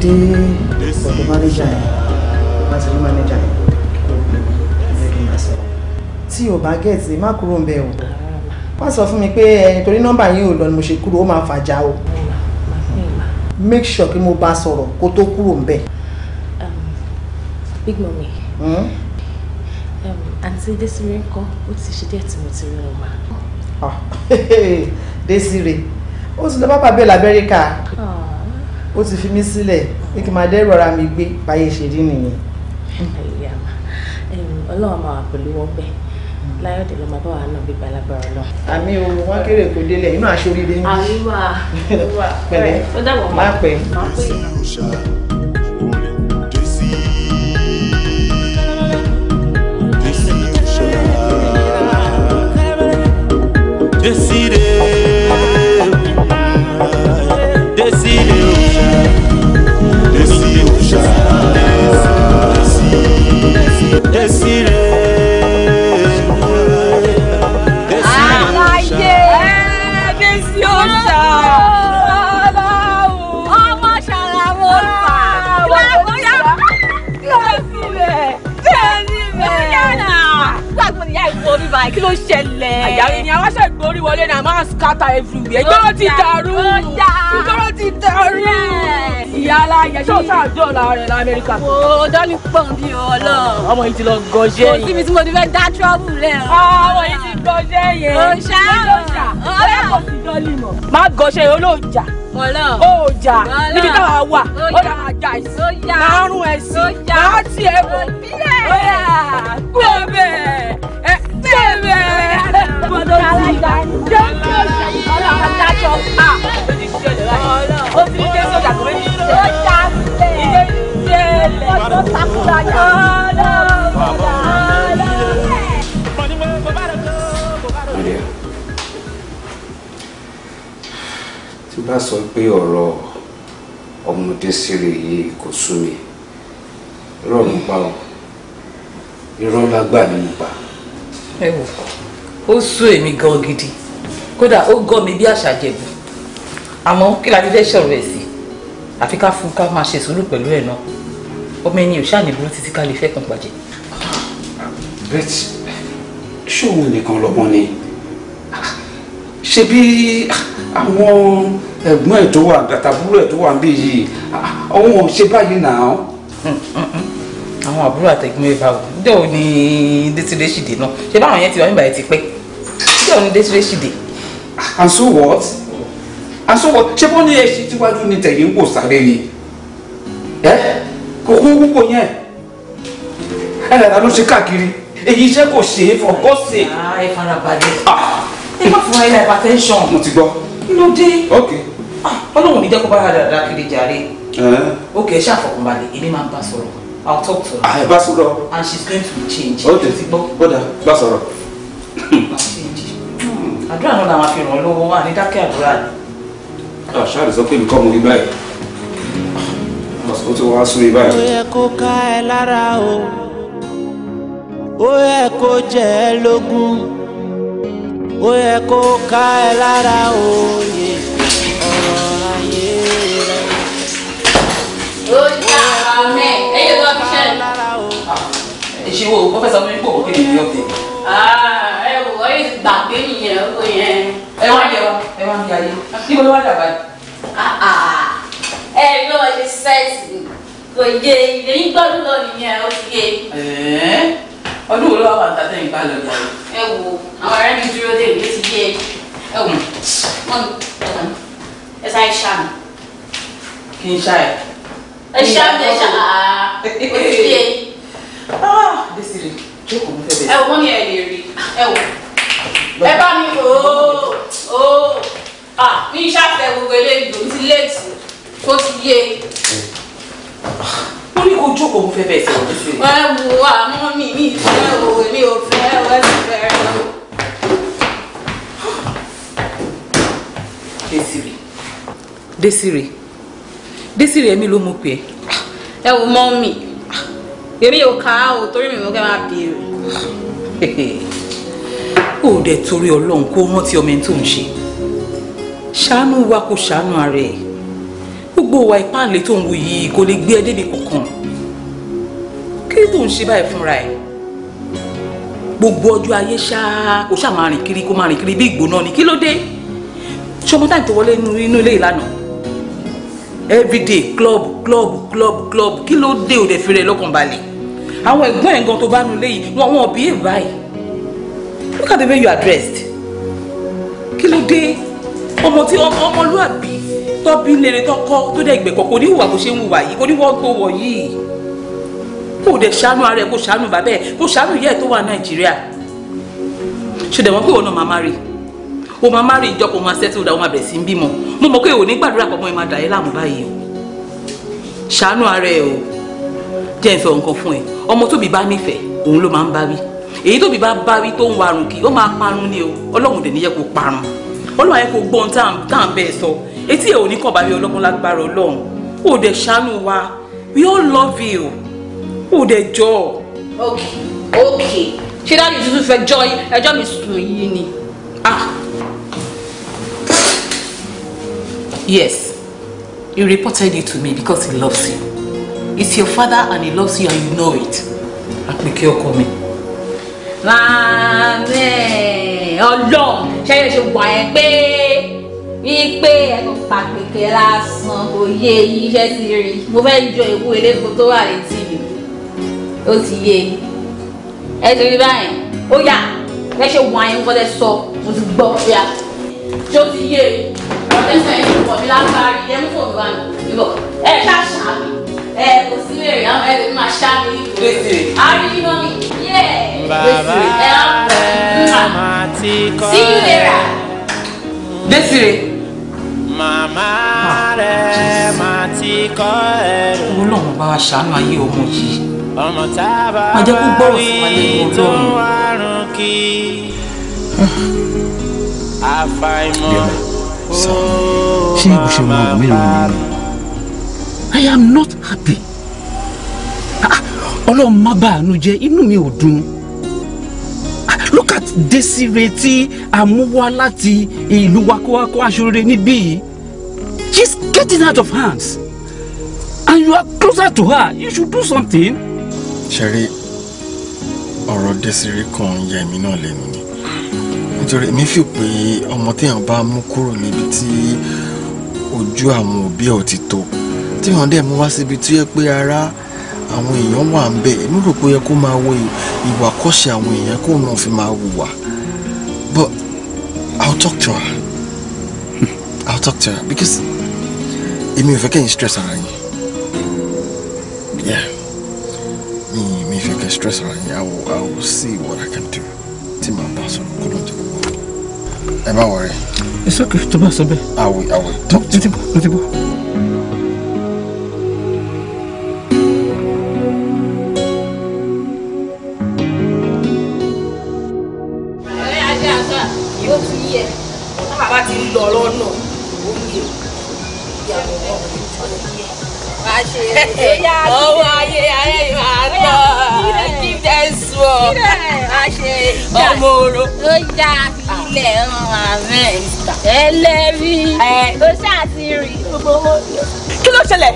dé ọ̀dọ̀ mánéjà yẹn láti rí mánéjà yẹn tí o bá gẹ̀ẹ́tì má kúrò ń bẹ o wá sọ fún mi pé ẹni torí nọ́mbà yín ò lọ ni mo ṣe kúrò ó máa fàjà o make sure kí mo bá sọ̀rọ̀ kó tó kúrò ń bẹ̀. Um, big mummy hmm? um, àǹtí Desire ń kọ́ ó ti ṣe díẹ̀ tí mo ti rí wọn mà. Ah, Desire ó sì lọ bá bàbá ẹ̀ l'Amẹ́ríkà. Ah ó ti fi mí sílẹ̀ pé kí n máa dẹ́rù ara mi gbé báyé ṣe rí nìyẹn. ọlọ́run máa wà pẹ̀lú wọn bẹ́ẹ̀ láyọ̀dẹ̀ ló máa bá wa náà bíbá lágbára lọ. àmì o wọn kéré kò délẹ̀ inú aṣoríire ń bí. àríwá àríwá pẹ̀lẹ́ máa pẹ́. Desire Desire. Àlàyé Bísí ó ṣá. Ọmọ ṣàlàwọ̀ fà. Lágbóyà kílọ̀sì rẹ̀. Bẹ́ẹ̀ni rẹ̀. Yàrá. Gbàgbọ́ ni ìyá ìgbó orí báyìí kí ló ṣẹlẹ̀? Àyàrí ni àwọn aṣọ ìgbó máa ń scatter everywhere. Ìgbọ́ràn ti dàrú. Ó dà ìjọba ti darí. ìyá aláyẹ ṣé o ṣáà jọ ọ̀la rẹ̀ lamẹ́ríkà. o dọ́lì pọ̀ bí ọlọ́run. ọmọ yìí ti lọ gọjẹ́ yìí. kò síbi tí mo ti fẹ́ dá trọ́bù rẹ̀. Ah, ọmọ yìí ti gọjẹ́ yẹn. o ṣá o ọlá kò sí dọ́lì mọ̀. má gọjẹ́ yẹn olóòjà. ọlọ́ o jà níbi táwa wà ó dà máa jà ẹ̀sìn. máa rún ẹ̀sìn. máa tì ẹ̀ wọ̀. kúrò bẹ́ẹ̀ bẹ́ẹ̀ bẹ́ẹ̀ ó ti ké sójà tó méjì ṣe ilé ṣe lè tó takura jà lọ́wọ́ lọ́wọ́. tí bá sọ pé ọ̀rọ̀ ọmọdé sílẹ̀ yìí kò sú mi irọ́ mi pa ọ́ irọ́ lágbà mi pa. ẹ wò ó sú èmi gan gidi kódà ó gọ́ mi bí àṣà jẹ̀bù àmọ́ kí la ti fẹ́ sọ̀rọ̀ ẹ̀ sí àfi ká fún ká máa ṣe sùúrù pẹ̀lú ẹ̀ náà ọmọ ẹni ò ṣàní burú títí ká lè fẹ́ kan gbàjẹ́. bet ṣóun nìkan lọ́gbọ́n ni ṣe bí àwọn ẹ̀gbọ́n ẹ̀ tó wà àtàbúrò ẹ̀ tó wà níbí yìí àwọn ò ṣe báyìí náà. àwọn àbúrò àtẹ̀gbọ́n ẹ̀ bá wò níjẹ́ ò ní détúndéṣìdè náà ṣé báwọn yẹn ti wà nígbà yẹn ti pẹ́ níjẹ́ ò ní détúndéṣìdè. and so what? àsọwọ ṣé bọ́ ní ẹṣin tíwájú ni tẹ̀lé ń kò sáré ni ẹ kókó púpọ̀ yẹn ẹ dàda ló ṣe káàkiri èyí iṣẹ́ kò ṣe é for God's sake. ẹ fara balẹ̀ ah. ẹ má fún ẹ hypertension. mo ti gbọ́. ló dé. ok. Ah, ọlọ́run mi jẹ́ kó bára dàda kiri jàre. ok ẹ ṣàfọkànbalẹ̀ èmi máa ń bá sọ̀rọ̀ i will talk to her. ah ẹ bá sọ̀rọ̀. and she's going to change. ó tètè gbọ́. bọ́dà bá sọ̀rọ̀. Hmm, àdúrà náà làwọn afi ràn lọ́wọ́ wà ní dákẹ́ àdúrà ni àṣà àdìsọ pé nǹkan mo rí báyìí ó ti wá sún mi báyìí. ó yẹ kó ká ẹ lára o ó yẹ kó jẹ ẹ lógún ó yẹ kó ká ẹ lára o yẹ ọ̀rọ̀ ayé rẹ. ó yà á mẹ́ ẹ̀yẹ́ ló fi ṣẹlẹ̀. ìṣèwò pọ́fẹ́sọ̀ mi ń pò ní ìyọ̀tẹ̀. ẹ wò ó gbàgbé yìí ẹ̀ yẹn. ẹ wá jẹ wa wá ń jayé níbo ló wá dàgbà yìí. Ah, ah. ẹ ẹ bí wọn ṣe sẹ́ẹ̀sì kò yé ilé yín gbọ́dún lọ nìyẹn ó fi yé. ọdún wo ló wá wà níta tẹ́yìn bá lọ jà yìí. ẹ wo àwọn ọ̀rẹ́ mi dúró dé ìlú ti yé ẹ wò wọn ẹ sáré ṣàmì. kí n ṣá ẹ. ẹ ṣàmì ẹ ṣàmì ah, ó ti yé. bẹ́sìrì jókòó mo fẹ́ bẹ́ẹ̀. ẹ wọ́n ní ẹ lè rí ẹ wò ẹ bá mi ooo ooo ah mi ṣàfẹ́ gbogbo eléyìí lòún ti léètì tó ti yé mo ní kó jókòó mo fẹ́ bẹ́ẹ̀ sọ̀rọ̀ tó ṣe. ẹ wo àmọ́ mi mi fẹ́ o èmi ò fẹ́ o ẹ sì fẹ́ rẹ o. Desire Desire Desire èmi ló mú pé. ẹ wo mọ mi èmi ò kà o torí mi mo kẹ́ máa béèrè. o ò dẹ̀ torí ọlọ́run kó rántí ọmọ ẹni tó ń ṣe ṣàánú wa kò ṣàánú ara ẹ̀ gbogbo wa ìpáàlẹ̀ tó ń wù yìí kò lè gbé ẹ débi kankan kí tó ń ṣe báyìí fúnra ẹ̀ gbogbo ọjọ́ ayé ṣáá kò ṣáà máa rìn kiri kó máa rìn kiri bí ìgbóná ni kí ló dé ṣọmọ tó wọlé inú ilé ìlànà everyday club club club club kí ló dé òde fi rẹ lọ́kàn balẹ̀ àwọn ẹ̀gbọ́n ẹ̀ gan tó bá nu ilé wọn wọn bí èèbá yìí look at the way you are dressed kí ló dé ọmọ tí ọmọlúàbí tọ́bí lere tó kọ́ tó dẹ̀ gbẹ̀kọ̀ kò ní hùwà bó ṣe ń hùwà yìí kò ní wọ́n tó wọ̀ yìí kò dẹ̀ ṣàánú ara ẹ̀ kò ṣàánú bàbá ẹ̀ kò ṣàánú ìyá ẹ̀ tó wà nàìjíríà ṣùgbọ́n wọn pé òun náà máa rí o máa má rí ìjọpọ̀ máa ṣẹ́tù ìdáwọ́ máa bẹ̀rẹ̀ sí ń bímọ mo mọ̀ pé òun ní gbàdúrà pọ̀ mọ́ ẹ máa dà ẹ́ láàmú báyìí o ṣàánú ara ẹ o jẹ́ ìfẹ́ nǹkan fún ẹ ọmọ tóbi bá nífẹ̀ẹ́ òun ló máa ń bá wí èyí tóbi bá bá wí tó ń warun kì ó máa parun ni o ọlọ́run dẹ̀ níyẹ kó parun olúwa yẹn kò gbọ́n tá à ń bẹ́ẹ̀ sọ etí ẹ̀ ò ní kàn bá rí ọlọ́gbọ́n lágbára ọlọ́run ó dẹ̀ ṣàánú wa we all love you ó dẹ̀ jọ. ok ok ṣé dáàbì tuntun fẹ́ jọ ẹjọ́ mi sùn yìí ni. ah yes he reported it to me because he loves you It's your father and he loves you and you know it àpèké ọkọ mi. láàmì ọlọ́run jẹ́rìí ṣe wà ẹ́ pé wípé ẹ̀kọ́ pàkèké lásán kò yé iṣẹ́ ti rí mo fẹ́ jọ ìwú eléko tó wà létí mi ó ti yé ẹ ti rí báyìí ó yá ẹ ṣe wà ẹ́ wọlé sọ mo ti gbọ́ ya tó ti yé ọ̀tẹ́sẹ̀ yìí pọ̀ mi lágbárí ẹ mú fòmù wánu ìbọ̀ ẹ ká ṣàmì ẹ kò sí mèrè àwọn ẹ lè máa ṣàmì ìbò àríyìn mọ́mì yé ẹ á pọ̀ nípa. See you later. Desire. Màmá ah, rẹ̀ máa ti kọ́ ẹ̀. Ọlọ́run bá ṣàánú ayé ọmọ yìí. Ọmọ tá a bá bá wí tó wárun kí. Hmm. Àfàìmọ̀ ó máa bá mi. I am not happy. Ah, Ọlọ́run má bàánú jẹ́ inú mi ò dùn look at Desire tí a mú wá láti ìlú wakowako aṣọrere níbí yìí she's getting out of hands and you are closer to her you should do something. ṣeré ọ̀rọ̀ Desire kan yà mí náà lẹ́nu ni nítorí èmi fi pé ọmọ téèyàn bá mú kúrò níbi tí ojú àwọn òbí ẹ̀ ò ti tó téèyàn dẹ̀ mú wá síbi tí ó yẹ pé ara àwọn èèyàn wà ń bẹ èmi rò pé ó yẹ kó máa wo ìwà kọ́ṣe àwọn èèyàn kó náà fi máa hùwà but I'll talk to her hmm. I'll talk to her because èmi ò fẹ́ kẹ́yìn stress ara yín mi mi fẹ́ kẹ́ stress ara yín I will I will see what I can do tí màá bá sọ̀rọ̀ kó lóun ti kú ẹ má wọrẹ. it's okay tó bá sọ bẹ́ẹ̀. I will I will talk to you. mo ti bọ́ mo ti bọ́. ọ̀nà òwúyẹ ìyàwó ọ̀hún. ọwọ́ ayé ayé máa ọmọ oró. ó yá ilẹ̀ ọ̀hún àmẹ́ ẹlẹ́rí ó ṣáàtì rí gbogbo kí ló ṣẹlẹ̀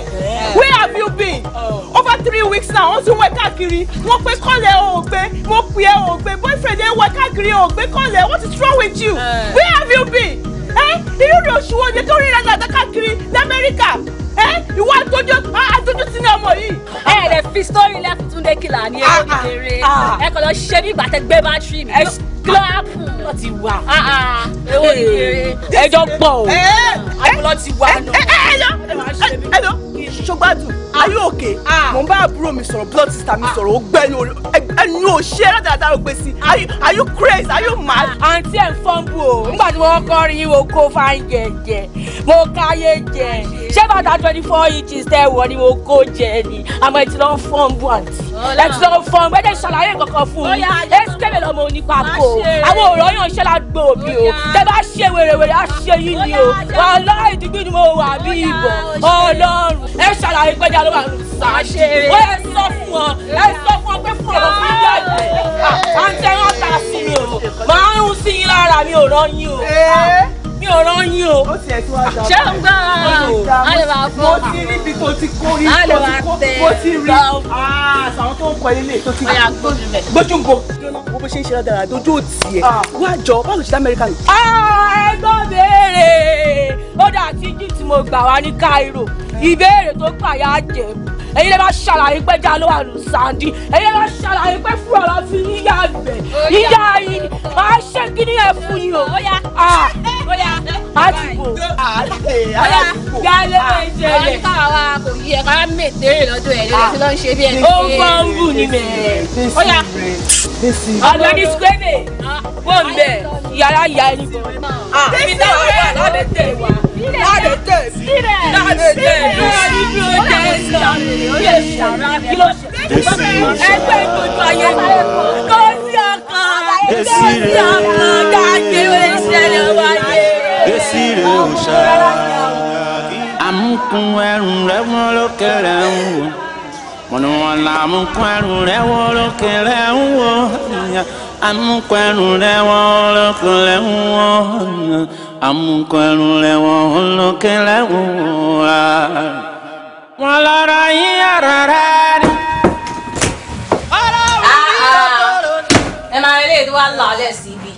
where have you been oh. over three weeks now wọ́n ti ń wẹ̀ káàkiri wọ́n pe kọ́lẹ̀ ò gbé mo pè é ò gbé boyfriend ẹ̀ wẹ̀ káàkiri ò kọ́lẹ̀ what is wrong with you where have you been ẹ́ eh, irú rẹ̀ oṣù wo ni tó rí ìrẹ́gbẹ̀dá káàkiri lamẹ́ríkà ẹ́ eh, ìwọ àtọ́jú àtọ́jú sínú ọmọ yìí. ẹ ẹ fi sítórì lẹ́fù túndé kìlà ní ẹ̀rọ ìdèrè ah, ah, ah. ẹ kò lọ ṣe bí ìgbà tẹ gbé bátìrì mi kílọ̀pù lọ ti wà ẹ̀rọ ìdèrè ẹjọ́ pọ̀ o àbúlọ̀ eh. ti wà náà. ẹ ẹ ẹ lọ ẹ lọ ṣọgbádùn ayé òkè ah. mò ń bá àbúrò mi sọ̀rọ̀ blood sister mi ah. sọ̀rọ̀ ó gbẹ́nu ẹnu òṣìṣẹ́ ládàáda ò gbèsè are you crazy are you mad. àǹtí ah, ẹ̀ ń fọ́nbù o nígbà tí wọ́n kọ́ rí wo kó fáńjẹ jẹ mo káyé jẹ ṣé bàtà twenty four inches tẹ́ wọ ni mo kó jẹ ni àmọ́ ẹ ti lọ fọ́nbù àǹtí ẹ ti lọ fọ́nbù ẹ jẹ́ ṣàlàyé kankan fún mi ẹ ti kébè lọ́mọ onípa kò àwọn òrò yàn ṣẹ́ ládùúgbò òbí o tẹ́ bá ṣe wèrèwèrè á ṣe yín ni o ọlọ́run ìdígbìn ni mo wà bí ìbọn ọlọ́run ẹ ṣàlàyé pé dáa ló wà ṣàṣe ó yẹ sọ fún wọn ẹ sọ fún wọn pé fún ọ̀rọ̀ fún ìyá yìí à ń tẹ́wọ́ ta sí mi o màá ń sí yín lára mi ò rán yín o mi ò rán yín o. ó tiẹ̀ tí wàá dàgbà ṣé ń gbà á lè máa fọ́ mo ti níbi tó ti kó rí tó ti kó mo ti rí àwọn tó ń kọ ilé tó ti gbójú ń bo. wo bó ṣe ń ṣe ládàá dojú òtí ẹ wá jọ báwo ṣe dá amẹ́ríkà nù. ẹgbọ́n béèrè bọ́dà àti egypt mo gbà wá ní cairo ìbéèrè tó gbà yá jẹ èyí lè má ṣàlàyé pé já ló wà ní sandi èyí lè má ṣàlàyé pé fún ọ̀rọ̀ fi yíyá gbẹ yíyá yìí ni màá ṣe kíní ẹ fún yìí o àdìbò yálé lè jẹlẹ. àwọn kò yí ẹ ká mètèrè lọ́dọ̀ ẹ̀ lọ́dọ̀ tí wọ́n ń ṣe bí ẹni pé. ó ń bọ́ ń bù ní mẹ́ẹ̀ẹ́. ọ̀gbẹ́ni skwebe wọ́n ń bẹ̀ yàrá ìyá ẹni bọ̀. ẹgbẹ́ ìtọ́jú ayé kò sí ọkàn kò lókè rẹ̀ ń wò. Mọ̀nàmọ́nà àmúkún ẹrù rẹ̀ wọ́n lókè rẹ̀ ń wò. Àmúkún ẹrù rẹ̀ wọ́n lókè rẹ̀ ń wò. Àmúkún ẹrù rẹ̀ wọ́n lókè rẹ̀ ń wò wọn lọ́rọ̀ yín ọ̀rọ̀ rẹ̀ ni. Ah, ah. ẹ máa rí eléyìí tó wá là lẹ̀ sí ibi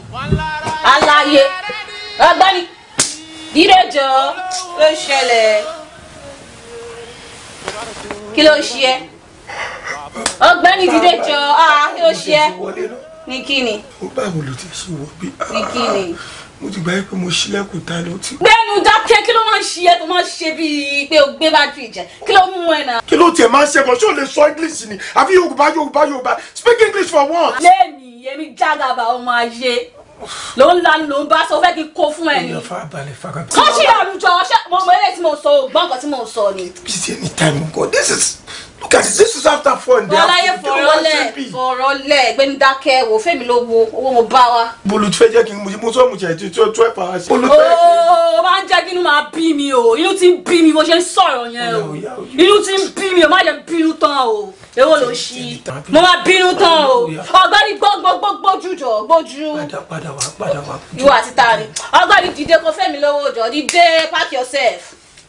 aláyé ọgbẹ́ni dídéjọ ló ṣẹlẹ̀ kí ló ṣe ẹ́ ọgbẹ́ni dídéjọ ah, kí ló ṣe ní kíni. báwo ló ti ṣe wọ bí. ní kíni mo ti gbà yí pé mo ṣílẹ̀kùn ta ló ti. gbẹ́nu dákẹ́ kí ló máa ń ṣe ẹ́ tó máa ń ṣe bíi pé o gbé bátìrì jẹ kí ló mú ẹ náà. kí ló tiẹ̀ máa ń ṣẹ̀kọ̀ ṣé o lè sọ english ni àfi yorùbá yorùbá yorùbá speak english for once. lẹ́ẹ̀ni èmi jágàbà ọmọ ayé ló ń lanu ló ń bá sọ fẹ́ kí n kó fún ẹ ni. kọ́ṣì àlùjọ ṣé mo mọ eré tí mo sọ ògbọ́n kan tí mo sọ ni. this is look at this this is after four and they are fọ̀rọ̀ lẹ̀ fọ̀rọ̀ lẹ̀ gbẹ́ndákẹ́ wò fẹ́mi ló wo owó mo bá wa. bolu fẹ́ jẹ́ kí n mo sọ mo jẹ́ ti tí o tún ẹ̀ pa á sí. bolu fẹ́ kí n. ooo máa ń jẹ́ kí inú máa bí mi o inú ti ń bí mi mo ṣe ń sọ̀rọ̀ yẹn o inú ti ń bí mi o má jẹ́ bínú tán o èwo ló ṣí mo máa bínú tán o ọ̀gbẹ́ni gbójú jọ gbójú. padà padà wá padà wá. ìwọ àti tani ọ̀gbẹ́ni dìde kó fẹ́mi lówó jọ dìde pack yourself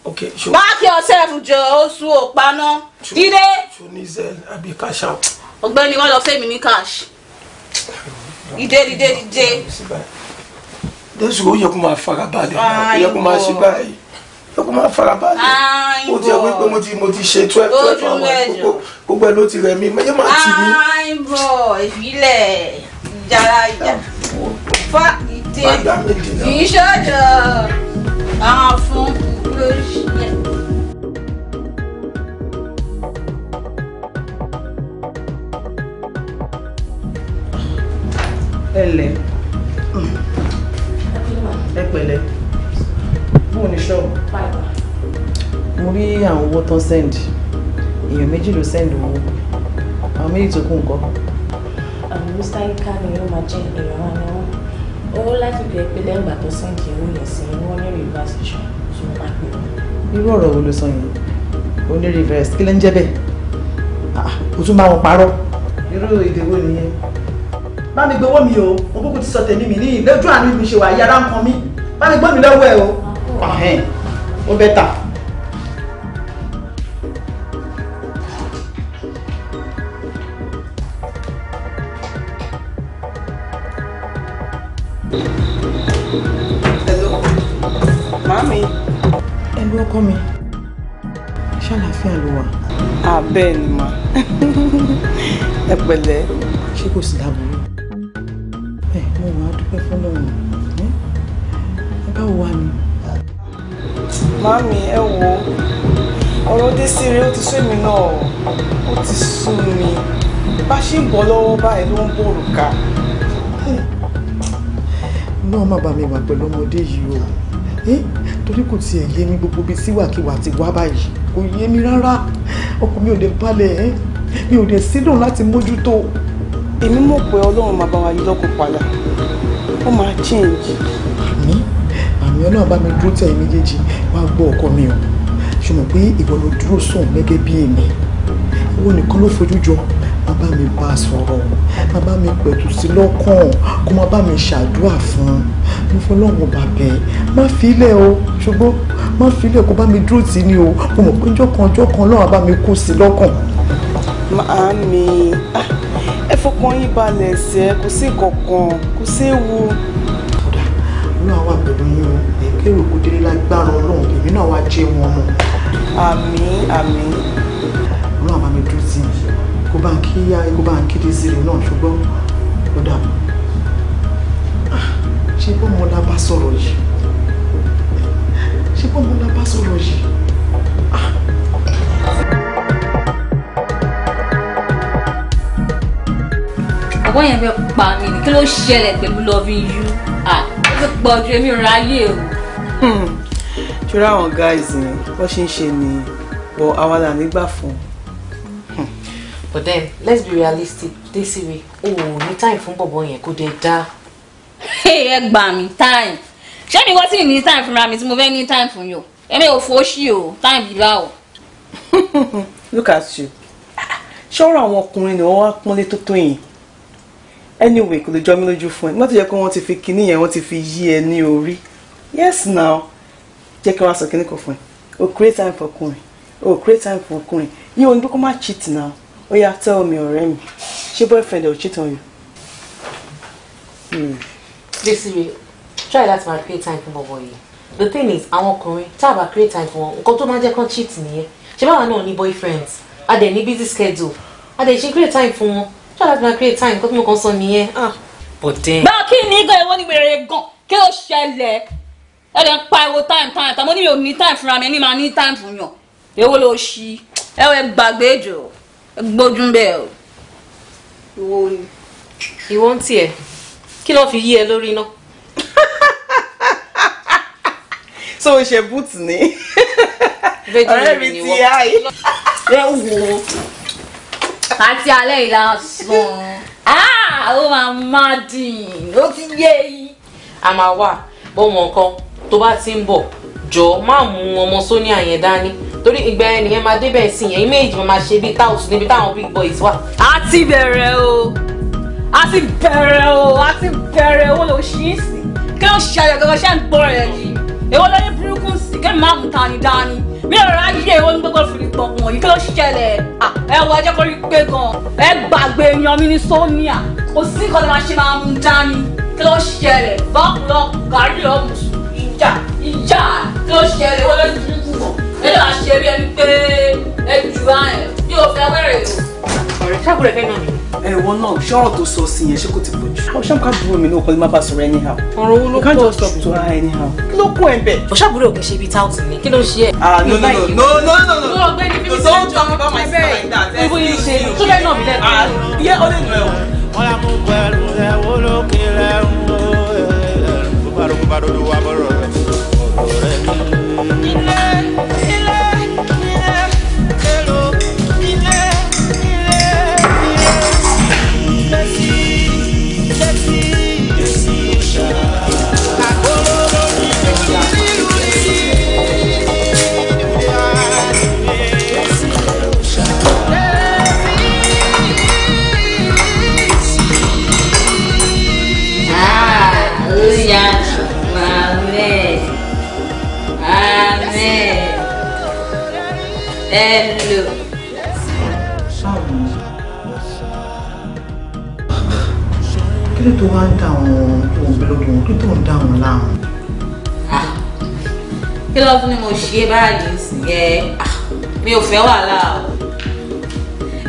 okay sure. mark yourself jọ oṣù òpaná dídé. tunisian àbí cash out. ọ̀gbẹ́ni wọn lọ fẹmi ní cash. dídé dídé dídé. lẹ́sùn ó yẹ kó máa fara balẹ̀ ó yẹ kó máa ṣe báyìí ó yẹ kó máa fara balẹ̀ ó ti yẹ pé mo ti mo ti ṣe twelve twelve hours gbogbo gbogbo ẹ ló ti rẹ mi yẹ máa tì mí. àìbọ̀ ìbílẹ̀ ìjàrá ìjà fa ìdè kì í ṣọ́jọ́ àwọn fún görüşmek. ẹlẹ ẹ pẹ̀lẹ́ bóun show. Bye. mo rí àwọn owó tán send èèyàn méjì ló send owó àwọn to tó kù nǹkan. àmì mr ika ni ó máa jẹ ìrànwọ́ owó láti fi ẹgbẹ́ lẹ́gbàá tó send owó yẹn sí wọ́n ní reverse station irú ọ̀rọ̀ wo ló sọ yẹn ó ní reverse kí ló ń jẹ́ bẹ́ẹ̀ ó ah, tún bá wọn parọ́ irú èdè wo nìyẹn bá mi gbowó mi o mo kúkú ti sọ tèmi mi ní ìlẹ́jọ́ àánú mi ṣe wà yàrá nǹkan mi bá mi gbọ́ mi lọ́wọ́ ẹ o ó bẹ́ẹ̀ ta. bẹ́ẹ̀ ni mà ẹ pẹ̀lẹ́ ṣé kò sí láburú ẹ mo wàá dúpẹ́ fọlọ́run ẹ bá wà mí. màámi ẹ wo ọ̀rọ̀ dé sí rí ó ti sún mi náà ó ti sún mi bá ṣe ń bọ̀ lọ́wọ́ báyìí ló ń bòrò ká. náà má bàa mi wà pẹ̀lú ọmọdé yìí o torí kò tiẹ̀ yé mi gbogbo bíi síwàkiwà ti wá báyìí kò yé mi rárá ọkọ mi ò dẹ̀ balẹ̀ ẹ́ mi ò dẹ̀ sídùn láti mójútó. èmi mọ̀ pé ọlọ́run máa bá wa yí lọ́kàn padà ó máa change. àmì àmì ọlọ́run bá mi dúró tẹ̀ ẹ́ méjèèjì wá gbọ́ ọkọ mi o ṣùgbọ́n pé ìwọ ló dúró sùn gẹ́gẹ́ bí èmi ìwọ nìkan ló fojú jọ má bá mi bá a sọ̀rọ̀ má bá mi pẹ̀tù sí lọ́kàn kó má bá mi ṣàdúrà fún un mo fọlọ́run bàbẹ̀ má fi í lẹ̀ o ṣùgbọ́n má filẹ̀ kó bá mi dúró tì ní o mo mọ̀ pé ọjọ́ kan ọjọ́ kan Ọlọ́run bá mi kó sí lọ́kàn. màámi ẹ fọkàn yín balẹ̀ ẹsẹ̀ kò sí kankan kò sí ewu. kódà olúwa wà pẹ̀lú yín o kérò kó délé lágbára Ọlọ́run èmi náà wá jẹ́ wọn mọ̀. àmín àmín. Ọlọ́run bá mi dúró tì í kó bá ń kíyá kó bá ń kéde sí náà ṣùgbọ́n kódà ṣé bọ́mọ bá sọ̀rọ̀ yìí ọmọ la bá sọ̀rọ̀ yìí. ọ̀pọ̀ yẹn fẹ́ pa mí ni kí ló ṣẹlẹ̀ pẹ̀lú loving you ó ti pọ̀ ju èmi ráyè o. Hmm. ṣọ́ra àwọn guys ni wọ́n ṣe ń ṣe ni bọ̀ àwa là nígbà fún hmm. But then, let's be realistic. Desiwe, o ò ní time fún bọ̀bọ̀ yẹn kó dé dá. Ẹ gbà mí time ṣé mi wọ́n sì ní time fúnra mi tí mo fẹ́ ní time fún yìí o èmi ò fòóṣì o time yìí bá look at you ṣọ́rọ̀ àwọn ọkùnrin ni wọ́n wá pọ́nlé tó tó yìí anyway kò lè jọ mí lójú fún ẹ nígbà tó yẹ kó wọ́n ti fi kinní yẹn wọ́n ti fi yí ẹ ní orí yes now jẹ́ kí wọ́n sọ kinní kan fún ẹ o create time for ọkùnrin o create time for ọkùnrin yíyan onígbó kó má cheat now ó yá tell me ọ̀rẹ́ mi ṣé boyfriend ò cheat on you. Hmm try that máa create time for bọ̀bọ̀ yìí the thing is I want tá a bá create time fún wọn nǹkan tó máa jẹ́ kán cheat nìyẹn ṣé báwa náà ní boyfriends a dẹ̀ ní busy schedule a dẹ̀ ṣe create time for wọn try that máa create time nǹkan tí mo kàn sọ Ah, but then. báwo kí ni gan ewo ni wèrè gan kí ló ṣẹlẹ̀ ẹ lè ń pariwo time time tàbí onímọ̀ ò ní time fúnra mi ẹni máa ní time fún yàn èwo ló ṣí ẹ wẹ gbàgbé jò gbójú bẹ́ẹ̀ o be ni. ìwọ ń tiẹ̀ kí ló fi yí ẹ lórí náà so o ṣe boot ni ọ̀rẹ́ alẹ́ ìlà sùn ah, ó máa má dìn ó ti yé yìí. a máa wà bó mọ tó bá ti ń bọ̀ jọ̀ọ́ má mú ọmọ sóníà yẹn dání torí ìgbà ẹni yẹn máa débẹ̀ sí yẹn ìméjì máa ṣe bíi táwùsù níbi táwọn big boys wà. a ti bẹ̀rẹ̀ o a ti bẹ̀rẹ̀ o a ti bẹ̀rẹ̀ o lọ ṣí sí kí wọ́n ṣẹlẹ̀ gọ́gọ́ ṣẹ́ ń gbọ́ rẹ̀ ni èwo lórí burúkú sí kí máa mú tani dání mi ò ráyè èwo ní gbogbo fìrí pọ̀pọ̀ wọ̀nyí kí ló ṣẹlẹ̀ ẹ wọ ẹjẹ́ kó rí pé gan ẹ gbàgbé yan mi ní sóníà kò sí nǹkan tó máa ṣe máa mú dání kí ló ṣẹlẹ̀ bọ́ọ̀lọ́ gàrí ọ̀mù ìjà ìjà kí ló ṣẹlẹ̀ èwo lórí burúkú wọ̀ ẹ lọ́ọ́ ṣe bí ẹni pé ẹ jù á ẹ bí o fẹ́ wẹ̀rẹ̀ o. ọ̀rẹ́ ṣàkùrẹ̀ fẹ́ náà ni ẹ̀wọ̀ náà ṣọ́rọ̀ tó sọ sí yẹn ṣé kò ti pọ̀ jù. ọ̀ṣọ́ ká dúró mi ní òkòlì má bá sọ̀rọ̀ anyhow. ọ̀rọ̀ owó ló pọ̀ jù. you can't just talk to her anyhow. kí ló kún ẹ̀ bẹ̀. ọ̀ṣọ́ àbúrò òkè ṣe ibi táwùtì ni kí ló ṣe ẹ̀. ah no no no no no no no. ọ̀gbẹ́ni bíbí ṣe ń jọ ọ̀gbẹ́ni bíbí ṣe ń jọ tó wá ń dà wọ́n tó ń tó tó ń dà wọ́n láwọn. Ah, kí ló fún ni mo ṣe báyìí sí ẹ ah, mi ò fẹ́ wàhálà o.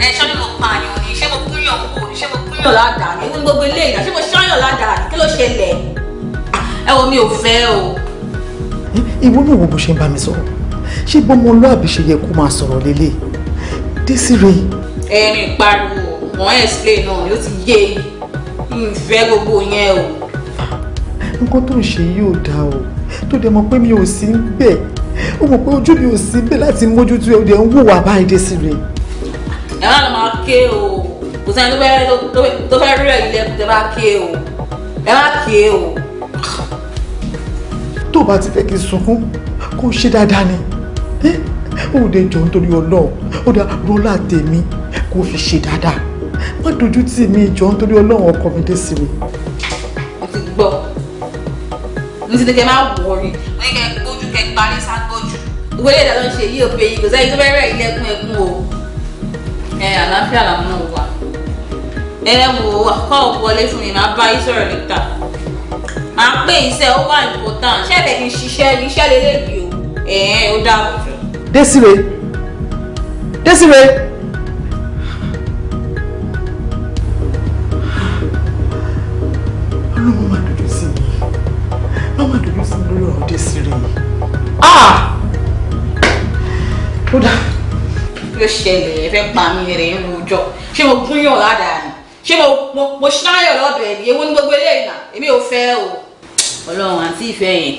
ẹ ṣọ́ ni mo pààyàn ni ṣé mo kúnyàn kú ni ṣé mo kúnyàn ládàá ni ewu gbogbo ilé ìdá ṣé mo ṣọ́yàn ládàá ni kí ló ṣẹlẹ̀ ah, ẹ wo mi ò fẹ́ o. ìwọ náà wo bó ṣe ń bá mi sọ̀rọ̀ ṣé bọ́mọlúàbí ṣe yẹ kó máa sọ̀rọ̀ lélẹ̀ Desire. ẹ̀rín ìpariwo wọ́n ẹ̀ sílẹ̀ náà ni ó ti yé e mi ò fẹ́ gbogbo yẹn o. nǹkan tó ń ṣe yìí ò dáa o tó dẹ̀ mọ̀ pé mi ò sí bẹ̀ ó mọ̀ pé ojú mi ò sí bẹ̀ láti mójútó ẹ̀ ó dẹ̀ ń wò wá báyìí dé sí rẹ̀. ẹ má lọ máa ké o kò sẹ́ni tó fẹ́ rí ẹ̀ ilé ẹ má ké o ẹ má ké o. tó o bá ti fẹ́ kí n sunkún kó o ṣe dáadáa ni ó dẹ̀ jọ nítorí ọlọ́run ó dẹ̀ rọ́lá tèmi kó o fi ṣe dáadáa má dojú tì mí ìjọ nítorí ọlọ́run ọkọ mi dé sí mi. mo ti gbọ́ mo ti tètè máa wọ̀ rí mo ní kẹ́ gbójú kẹ́ parí ságbójú ìwé ilé ìdájọ́ ń ṣe yí òpè yìí kò sẹ́yìn tó bẹ̀rẹ̀ ilẹ̀kùn ẹ̀kún o ẹ àlàáfíà làwọn náà wà ẹ wò ó àkọ́ wọlé fún mi máa bá yín sọ̀rọ̀ níta máa pè iṣẹ́ ó wà important ṣẹ́ẹ̀dẹ̀ kì í ṣiṣẹ́ iṣẹ́ lélẹ́yìí o ẹ̀ẹ́n ó dáàbò jọ. Désiré Désiré. ó dà. kí ṣẹlẹ̀ ẹ fẹ́ pa mí rẹ̀ ń rojọ́ ṣé mo gúnyàn ládàá ni ṣé mo ṣáyọ̀ lọ́bẹ̀ ni ewu ní gbogbo eléyìí náà èmi ò fẹ́ o. ọlọ́run àti ìfẹ́ yẹn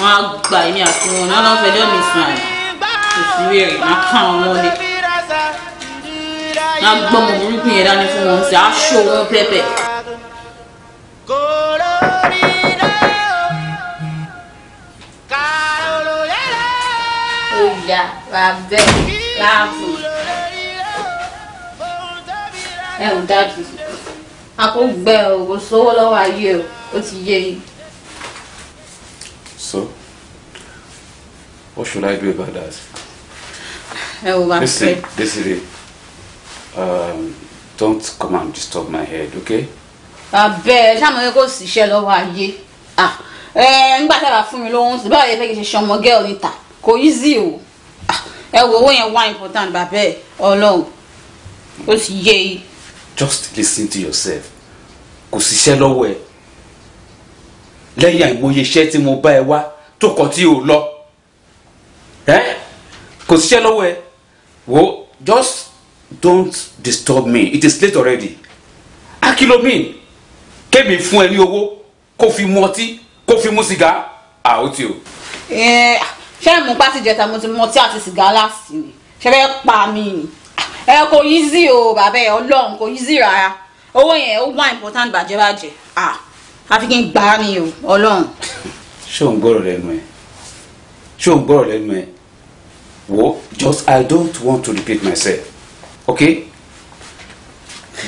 wọ́n á gba èmi àti wọn náà lọ́ọ́ fẹjọ́ mi sùn àná òsì rẹ̀ máa ká àwọn wọlé máa gbọ́ burúkú yẹn dání fún wọn sí aṣọ wọn pẹ́pẹ́. ajá rabẹ láàfù ẹ ò dájú a kò gbẹ òwò sówó lọ́wọ́ ayé o ó ti yé e. So, what should I do about that? ẹ ò bá fẹ́. Desire, um, don't come and disturb my head, okay? abẹ́ ẹ sáà mọ̀ pé kò síṣẹ́ lọ́wọ́ Ah, ẹ nígbà tí a bá fún mi lóhùn sí báwo lè fẹ́ kí n ṣe ṣọmọ gẹ́ọ̀ níta kò yí sí o ẹ wo owó yẹn wá important bàbá ẹ Ọlọ́run ó sì yé e. just listen to yourself kò síṣẹ́ lọ́wọ́ ẹ lẹ́yìn àìmọye iṣẹ́ tí mo bá ẹ wá tó kọ tí ò lọ kò síṣẹ́ lọ́wọ́ ẹ wo just don't disturb me it is late already akilomin kébì fún ẹ ní owó kó fi mu ọtí kó fi mu sìgá àótì o ṣé mú pátí jẹta mo ti mọ tí àti sìgá láti ni ṣe fẹ́ pa mí ni ẹ kò yí sí o bàbá ẹ ọlọ́run kò yí sí rárá owó yẹn ó wá important bàjẹ́ ah àfi kí n gbà á o ọlọ́run. ṣé ò gbọ́rọ̀ lẹ́nu ẹ̀ ṣé ò gbọ́rọ̀ lẹ́nu ẹ̀ wo just i don't want to repeat myself okay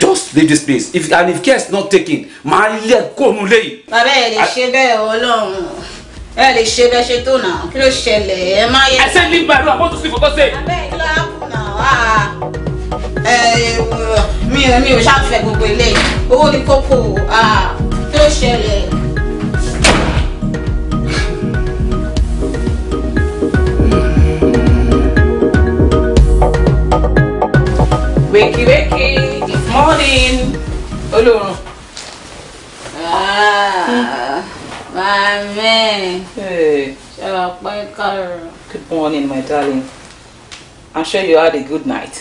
just leave this place if and if care is not taken màá lẹ kóònù lẹ́yìn. bàbá ẹ lè ṣe bẹ́ẹ̀ ọlọ́run ẹ lè ṣe bẹ́ẹ̀ ṣe tó náà kí ló ṣẹlẹ̀ ẹ má yẹ. ẹsẹ̀ ní bàrú àbọ̀tún sí fọ́tọ́ sí. abẹ́ ìlú àpò náà mi ò ṣàfẹ́ gbogbo ilé owó ní kókó ah. kí ló ṣẹlẹ̀. wakey wakey it's morning olórun. Ah. Mami. Hey. Good morning, my darling. I'm sure you had a good night.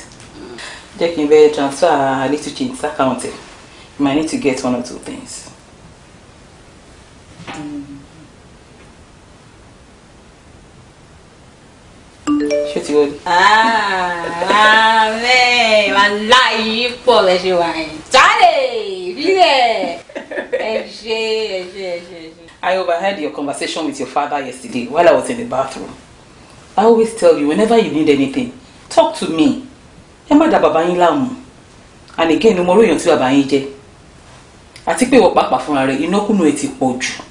Taking kí n bẹ transfer a little change sí account. You might need to get one or two things. Ṣé ti wọlé? Àmín! Ah, Wàláyé pọ̀ lẹ́sẹ̀ wáyé. Jáde! Bílẹ̀! Ẹ ṣe eh, eh, eh, eh. ẹ ṣe. I overheard your conversation with your father yesterday while I was in the bathroom. I always tell you, whenever you need anything, talk to me. Emma da bàbá yín láàmú. And again, mo róyàn tí bàbá yín jẹ́. Àti pé ìwọ pàápàá fúnra rẹ̀, ìnákúnú ẹ̀ ti pọ̀ jù.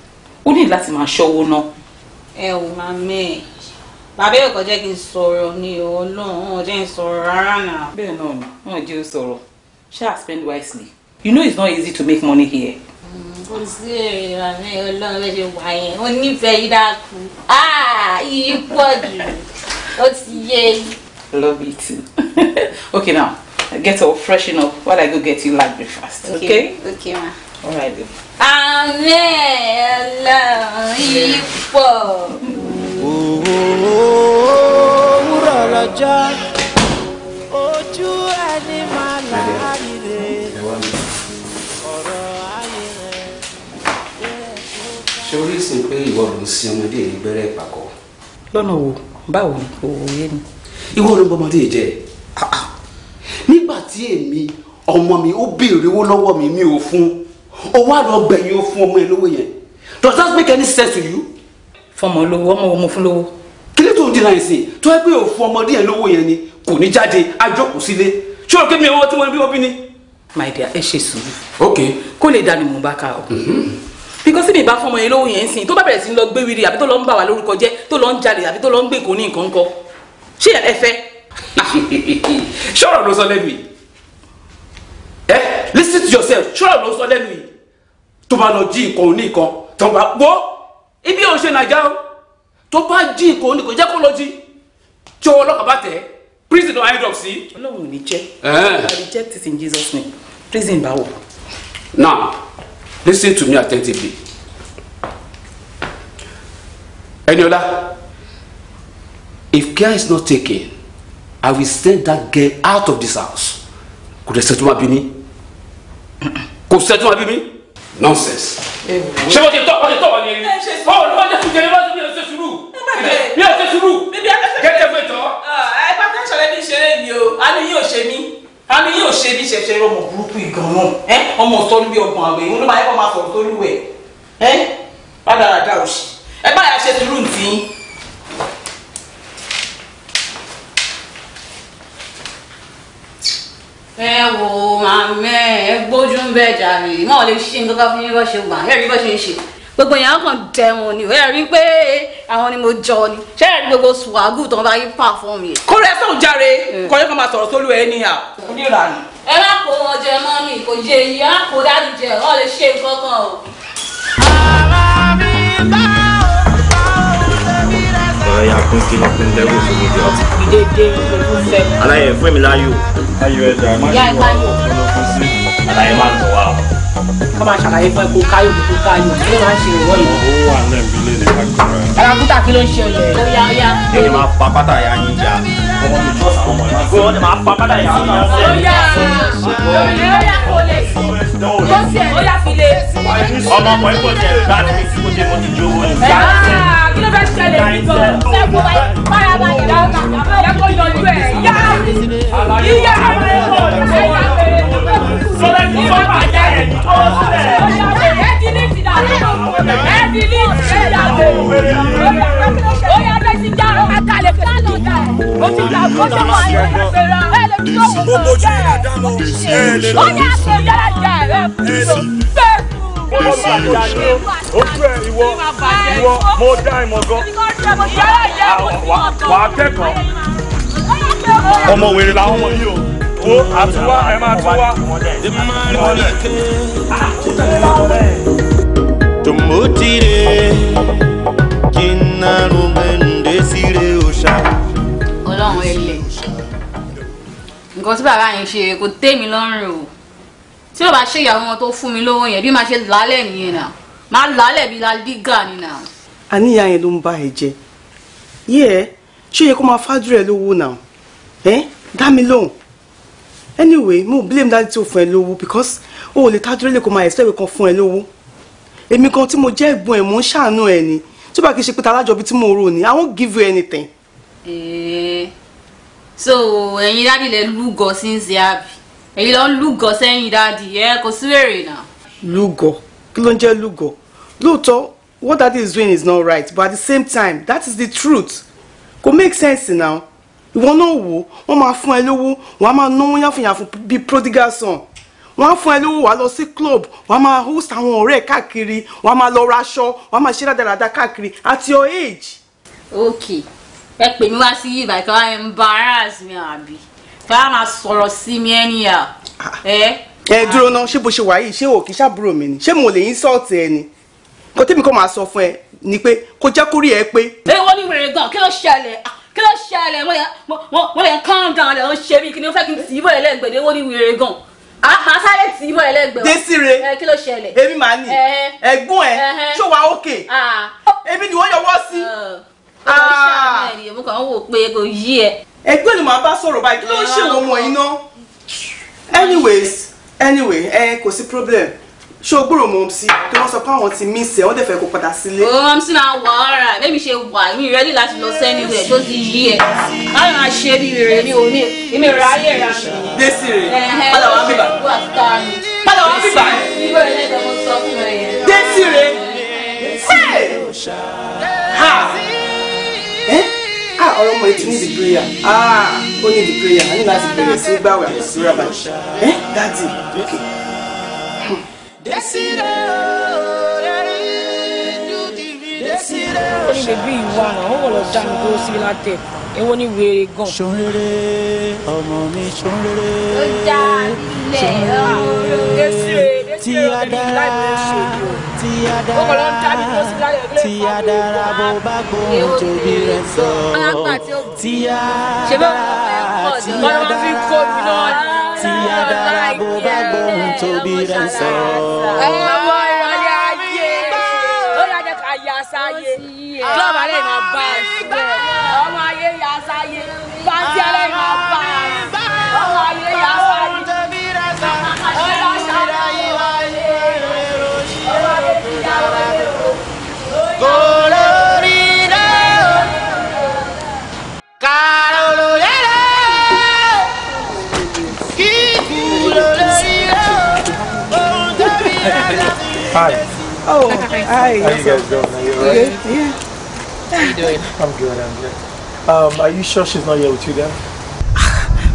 Ó ní láti máa ṣọ́wó ná. Ẹ ò máa mẹ́ ẹ̀. Bàbá yóò kọjá kí n sọ̀rọ̀ ni Ọlọ́run, no, ò jẹ́ Soro. sọ̀rọ̀ rárá náà. Bẹ́ẹ̀ náà ni, wọn ò jẹ́ spend wisely. You know it's not easy to make money here kò sí ìrànà ọlọ́run bẹ́ẹ̀ ṣe wà yẹn ó nífẹ̀ẹ́ yín dákú yìí pọ̀ jù ó ti yé. love you too okay now get all freshen up while I go get you light breakfast okay. okay okay ma. all right then. àmín ọlọ́run yìí pọ̀. òwúrọ̀ lọ́jọ́ ojú ẹni máa là ṣé o rí ìsìn pé ìwọ ló ń sin ọmọdé yìí gbẹ́rẹ́ ìpàkọ́. lọ́nà wo báwo ni òwò yé mi. ìwọ ló ń bọmọdé yìí jẹ ah, ah. nígbà tí èmi ọmọ mi ó béèrè owó lọ́wọ́ mi mi ò fún o wá lọ gbẹ̀yìn o fún ọmọ ẹ lówó yẹn does that make any sense to you. fọmọ lówó ọmọ wo mo fún lówó. kí ló tó ń dínà ìsìn tó ẹ pé òfin ọmọdé yẹn lówó yẹn ni kò ní jáde ajókòó sílé ṣé o kí mi owó tí wọ́n bí wọ́n bí ni. my dear ẹ ṣe sùúrù. ok kó lè dá bá ká o. Mm-hmm bíkọ́ síbi ìbá fọmọ yẹn lówó yẹn sìn tó bá bẹ̀rẹ̀ sí ń lọ gbé wiri àbí tó lọ ń bà wá lórúkọ jẹ́ tó lọ ń jalè àbí tó lọ ń gbé nǹkan ní nǹkan kọ ṣé ẹ fẹ́. ṣọ́rọ̀ ló sọ lẹ́nu yìí ẹ listen to yourself ṣọ́rọ̀ ló sọ lẹ́nu yìí tó bá lọ jí nǹkan ní nǹkan tó bá gbọ́ ibi ò ṣe nàìjà o tó bá jí nǹkan ní nǹkan jẹ́ kó lọ jí tí owó ọlọ́kà bá tẹ̀ prison no hide up sí. ọlọ́run ò ní jẹ́ I reject it in Jesus name prison báwo. now listen to me attentively Eniola if care is not taken I will send that girl out of this house kò dẹ̀ sẹ́tùmá bí mi kò sẹ́tùmá bí mi nonsense. ṣé wọ́n ti tọ́ wọ́n ti tọ́ wọ́n ní rí báwo ló wá jẹ́ kùjẹ́ ní wájú bí ọ̀sẹ̀ sùúrù bí gẹ́gẹ́ fún ìtọ́. ẹ pàtẹ́ ìṣẹ̀lẹ̀ bí ìṣeré mi o a ní yóò ṣe mí àmì yóò ṣe bí ṣẹṣẹ ọmọ burúkú ìgànnà ọmọ sọlú bí ọgbọ̀n àgbẹ̀ ìwọ ló máa yẹ kó máa sọ̀rọ̀ tó lù ẹ̀ rádaràdà òṣì ẹ báyà ṣe ti rúùn tí. ẹ wo màmá ẹ gbójú ń bẹ jàre náà lè ṣe nǹkan kan fún yín bá ṣe gbà ẹ rí bá ṣe ń ṣe gbogbo yẹn á kàn dẹ̀wọ̀n ni ẹ rí pé àwọn ni mo jọ ni ṣé ẹ rí gbogbo swagoo tó ń bá yín pàfọ́ọ̀mù yẹn. kó rẹ sóun járe mm. kó yẹ kó máa sọ̀rọ̀ sólú ẹ níyà kò ní ìlànà. ẹ má kó wọn jẹ mọ́ mi kò yé eyín á kó dájú jẹ ọ lè ṣe nǹkan kan o. ọ̀rẹ́ yà kún kí lọ́kùn lẹ́rù òṣèlú jọ. ìdèdè ìlú aláyẹ̀ fún mi láyò. ayọ̀ ẹ̀dá máa ń wọ kọ́ máa ṣàlàyé fún ẹ kó káyò kó káyò kí ló máa ń ṣe ìwọ yìí. ó wà náà bí lè lè bá gbọ́ra. ara kúta kí ló ń ṣe ọyẹ. ó yá ó yá. ẹ máa pa pátá ya yín ya. ọmọ mi tó sàwọn ọmọ yẹn. ó yá máa pa pátá ya yín ya. ó yá ó yá kó lè sí. kó tiẹ̀ ó yá fi lè. ọmọ ọmọ ẹ̀kọ́ tiẹ̀ bá mi kó tiẹ̀ mo ti jó owó ni. kí ló fẹ́ ṣẹlẹ̀ nígbà sẹ́kù báyà báyà yẹ kó yọjú ẹ̀ yá yíyá àwọn ẹ̀kọ́ ní bàbá jẹ́ rẹ̀ ní tó sílẹ̀. ẹ dílítì dàrú ẹ dílítì ẹ dàrú. ó yà bẹ́ẹ̀ ti já ọmọ kalẹ̀ kí lánàá ta ẹ̀. ó ti gbà kó tó wà ní ìgbéra. ẹ lè tó wò ó bẹ́ẹ̀. ó yà bẹ́ẹ̀ jẹ́ ẹ̀jẹ̀ rẹ̀ fún mi. Ojú ẹ ìwọ ìwọ mo dá ìmọ̀ gan. Wà á kẹ́kọ̀ọ́. Ọmọ wèrè làwọn ọmọ yìí o wo àtúwá ẹ máa túwá. tòmótìrè jìnnà rúbẹ̀ǹdé síre òòṣà. ọlọ́run ẹlẹ̀ nǹkan tí bàbá yẹn ṣe kò tẹ́ mi lọ́rùn o tí o bá ṣe ìyàwó wọn tó fún mi lówó yẹn bí máa ṣe làálẹ̀ nìyẹn náà máa làálẹ̀ bíi ládìgà ni náà. àníyàn yẹn ló ń bá ẹ jẹ yí ẹ ṣé yẹ kó máa fájú ẹ lówó náà ẹ dá mi lóhùn anyway mo blame dáadé tí o fún ẹ lówó because o ò lè tájú lè kó máa ẹ̀sẹ̀ ìwé kan fún ẹ lówó èmi kan tí mo jẹ́ ẹ̀gbọ́n ẹ̀ mò ń ṣàánú ẹ̀ ni tí ó bá kí n ṣe pé talájọbí tí mo rò ní i won't give you anything. Eh, so ẹ̀yin dáàdì lẹ Lugo since ń ṣe àbí ẹ̀yin Lugo lúgọ sẹ́yìn dáàdì ẹ kò sí wèrè náà. lúgọ kí ló ń jẹ́ what daddy is doing is not right but at the same time that is the truth kò make sense now ìwọ náà wò wọ́n máa fún ẹ lówó wọ́n á máa náwó yáfùnyáfùn bíi prodigal son wọ́n á fún ẹ lówó wàá lọ sí club wàá máa host àwọn ọ̀rẹ́ ẹ̀ káàkiri wàá máa lọ raṣọ wàá máa ṣe rádaràda káàkiri at your age. ok ẹ pè mí wá sí yìí bàtà wàá embarrass mi àbí bàá máa sọ̀rọ̀ sí mi anyhow. ẹ dúró náà ṣé bó ṣe wà yìí ṣé òkè ṣàbúrò mi ni ṣé mo lè insult ẹ ni kò tẹ́mi kò máa sọ fún ẹ ni pé kò jẹ́ kórìí ẹ pé. ẹ wọ́n ní gan kí ló ṣẹlẹ̀ ah, kí ló ṣẹlẹ̀ mo lè calm down lè ń ṣe bí kí ni ó fẹ́ kí n tì í bọ̀ lẹ́lẹ́gbẹ̀dẹ́ owó ní wèrè gan àhà sáré tì í bọ̀ lẹ́lẹ́gbẹ̀ọ́ Desire kí ló ṣẹlẹ̀ èmi màá nì ẹ̀gbọ́n ẹ̀ ṣó wa ókè èmi ni wọ́n yọwọ́ sí. mo kàn ń ẹgbẹ́ ni màá bá sọ̀rọ̀ báyìí kí ló ń ṣèwọ̀n wọ̀nyí ná anyways anyway ẹ kò sí problem ṣé o gbúrò mọ sí kí wọn sọ pé àwọn ti mí sẹ wọn dẹ fẹ́ kó padà sílé. o mọ sí máa wà ọ́ra bẹ́ẹ̀ mi ṣe wà mí rẹ́dí láti lọ sẹ́ni rẹ̀ tó ti yí ẹ̀ láti máa ṣe bí rẹ̀ mi ò ní èmi rẹ̀ ayé rẹ̀ mi. desi rè padà wá bíbà padà wá bíbà desi rè ha ah ọ̀rọ̀ ọmọ ètò níbi prayer ah ó níbi prayer a ní láti bẹ̀rẹ̀ sí gbàwẹ̀ àti sùúrà bàjẹ́ ẹ́ dáàdì okay. Desire ó ní bèbí ìwà náà ó wọ̀ lọ dá mi dúró sí látẹ̀ èwo ni wèrè gan. ṣòrèrè ọmọ mi ṣòrèrè ṣòrèrè tí a dára tí a dára tí a dára bó bá gbóhùn tóbi rẹ sọ tí a dára tí a dára tí a dára bá gbóhùn tóbi rẹ̀ sọ. ọmọ ìrọ̀lẹ́ ayé ó lájẹ́ ká yà sáyé kílọ̀bù alẹ́ ìmọ̀ bá a. Hi. How you guys doing? Are you alright? Yeah. How you doing? I'm good. I'm good. Um, are you sure she's not here with you then?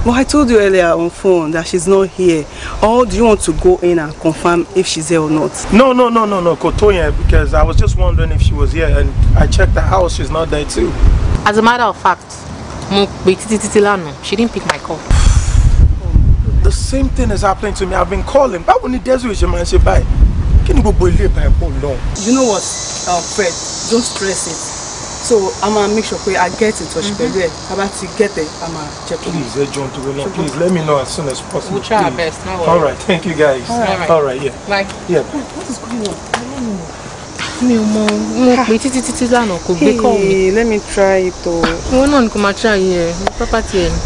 Well, I told you earlier on phone that she's not here. Or do you want to go in and confirm if she's here or not? No, no, no, no, no, Kotoya, because I was just wondering if she was here and I checked the house, she's not there too. As a matter of fact, she didn't pick my call. The same thing is happening to me. I've been calling. but when Desiree ṣe máa ń say bye kí ni gbogbo ilé ìbá ẹ̀pọ̀ lọ. you know what uh, Fred don't stress it so a máa make sure pé i get in touch mhm. pẹ̀lú ẹ̀ bàbá ti get ẹ̀ a máa check on please ẹ jọ̀ọ́ nítorí náà please let me know as soon as possible. we'll try our best no worry. all right thank you guys. all right, all right yeah. bye. yeah. what is going on? mi ò mọ mo pè títí títí lánàá kò gbé kọ́ mi. let me try it o. wọn náà ni kò máa try yẹ property ẹ ni.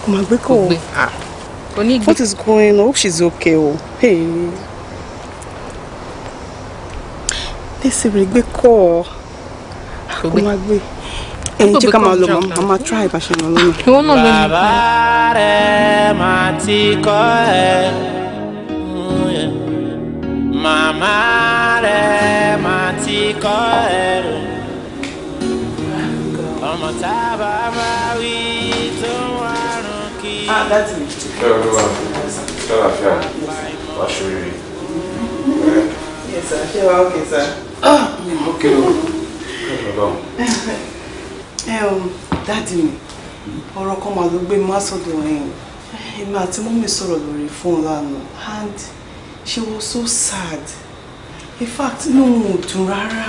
kò máa gbé kọ́ o. kò gbé. Ah. what is going on? hope she's okay o. Oh. Hey. tẹsíre gbé kọ ọ kò má gbé ẹyin jẹ ká máa lọ mọ máa try bá ṣe lọ lọnà. bàbá rẹ máa ti kọ́ ẹ màmá rẹ máa ti kọ́ ẹ ọmọ tá a bá bá wí tó wà rún kí. Ah, ṣé olúwa ṣé àlàáfíà wàá ṣòrire. Yes, sir. Ṣé wàá okay, sir? ó kéré o bàbá o. ẹ ọ dáàdi mi ọ̀rọ̀ kan mà ló gbé mi wá sọ́dọ̀ ẹ̀yìn èmi àti mọ́mí sọ̀rọ̀ lórí fóònù lánàá and she was so sad in fact inú òun ò dùn rárá.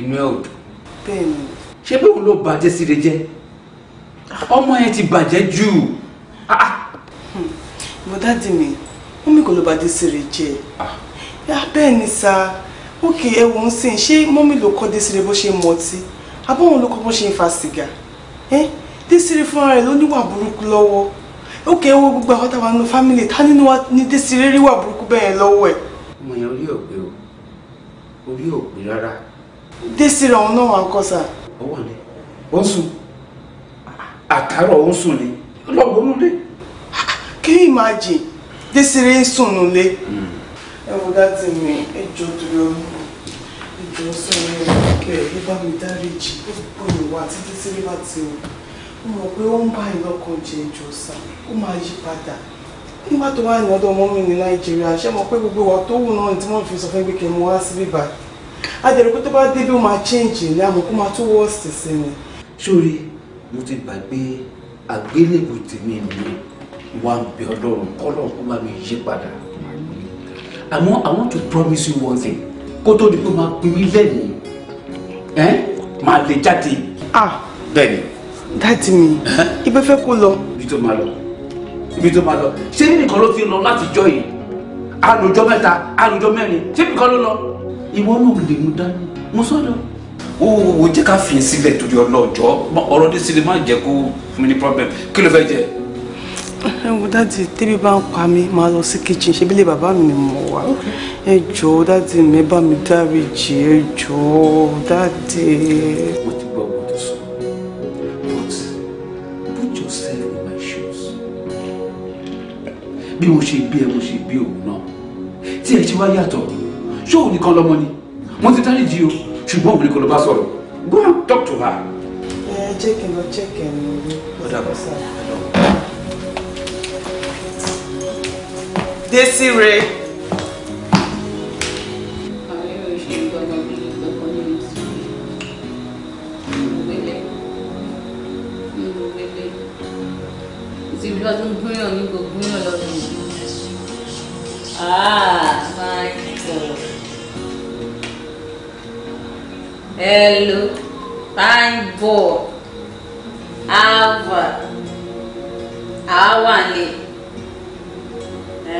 inú ẹ ò dùn. bẹ́ẹ̀ni. ṣé bẹ́ẹ̀ òun ló bàjẹ́ síre jẹ́ ọmọ yẹn ti bàjẹ́ jù. bọ́dá dì mí mọ́mí kò ló bàjẹ́ síre jẹ́. Ah bẹ́ẹ̀ ni sá òkè ẹwù ń sìn ṣé mọ́mí ló kọ́ Désiré bó ṣe mu ọtí abọ́wọn ló kọ́ bó ṣe ń fa sìgá Désiré fúnra rẹ̀ ló níwà burúkú lọ́wọ́ òkè ẹwù gbogbo àwọn táwa nínú fámìlì ta nínú wa ní Désiré ríwà burúkú bẹ́ẹ̀ lọ́wọ́ ẹ̀. ọmọ yẹn orí òpè o orí òpè rárá. Désiré ọ̀hún náà wà ń kọ́ sá. ó wà ní ó ń sùn àtàrọ̀ ó ń sùn ní can you imagine Désiré ń sùn ẹ wo dáàtì mi ẹjọ́ torí ọmọ ẹjọ́ sọ̀rọ̀ ẹ̀kẹ́ ẹ bá mi dáríjì gbogbo ìwà títí sí rí láti wò ó mọ̀ pé ó ń bá ìlọ́kàn jẹ ẹjọ́ sà ó máa yí padà nígbà tó wà ìnáwó ọmọ mi ní nàìjíríà ṣé mo pé gbogbo ìwà tó wù náà tí wọ́n fi sọ fún gbẹ̀kẹ́ mu wá sí bíbá adẹ̀rù pé tó bá dé bí ó máa change ní àmọ́ kó máa tó worst sí mi. sórí mo ti gbàgbé àgbélébù tèmi nìyẹn wà ọlọ́run kọ́lọ́run kó mi yí padà àmọ́ I want to promise you one thing kó tó di pé máa pin mí lẹ́yìn ẹ́ máa lè jáde. ah bẹ́ẹ̀ ni. dáàtì mi ibi fẹ́ kó lọ. ibi tó máa lọ ibi tó máa lọ ṣé nìkan ló ti lọ láti jọ yìí alùjọ mẹ́ta alùjọ mẹ́rin ṣé nìkan ló lọ. ìwọ náà lè mú dání mo sọ lọ. wo wo jẹ́ ká fi sílẹ̀ torí ọlọ́jọ́ ọ̀rọ̀ dé sílẹ̀ má kó mi ní problem kí ló fẹ́ jẹ́ ẹ wo dáàdì tẹ́bí bá ń pa mi máa lọ sí kitchen ṣe bílẹ̀ bàbá mi mọ̀ wá ẹ dáàdì mi bá mi dáríjì ẹ dáàdì. but put yourself in my shoes bí mo ṣe bí ẹ mo ṣe bí òun náà tí ẹ ti wá yàtọ̀ ṣé òun nìkan lọmọ ni mo ti dáríjì o ṣùgbọ́n òun nìkan ló bá sọ̀rọ̀ go and talk to her. ẹ jẹ́ kí n lọ jẹ́ kí n lọ. ọ̀dà bàbá. Desire. Ti bí ọdún gbúyàn ní gbogbo gbúyàn lọ́dún yìí. Ah, my God. Hello, fine boy. Ava. Awa ni.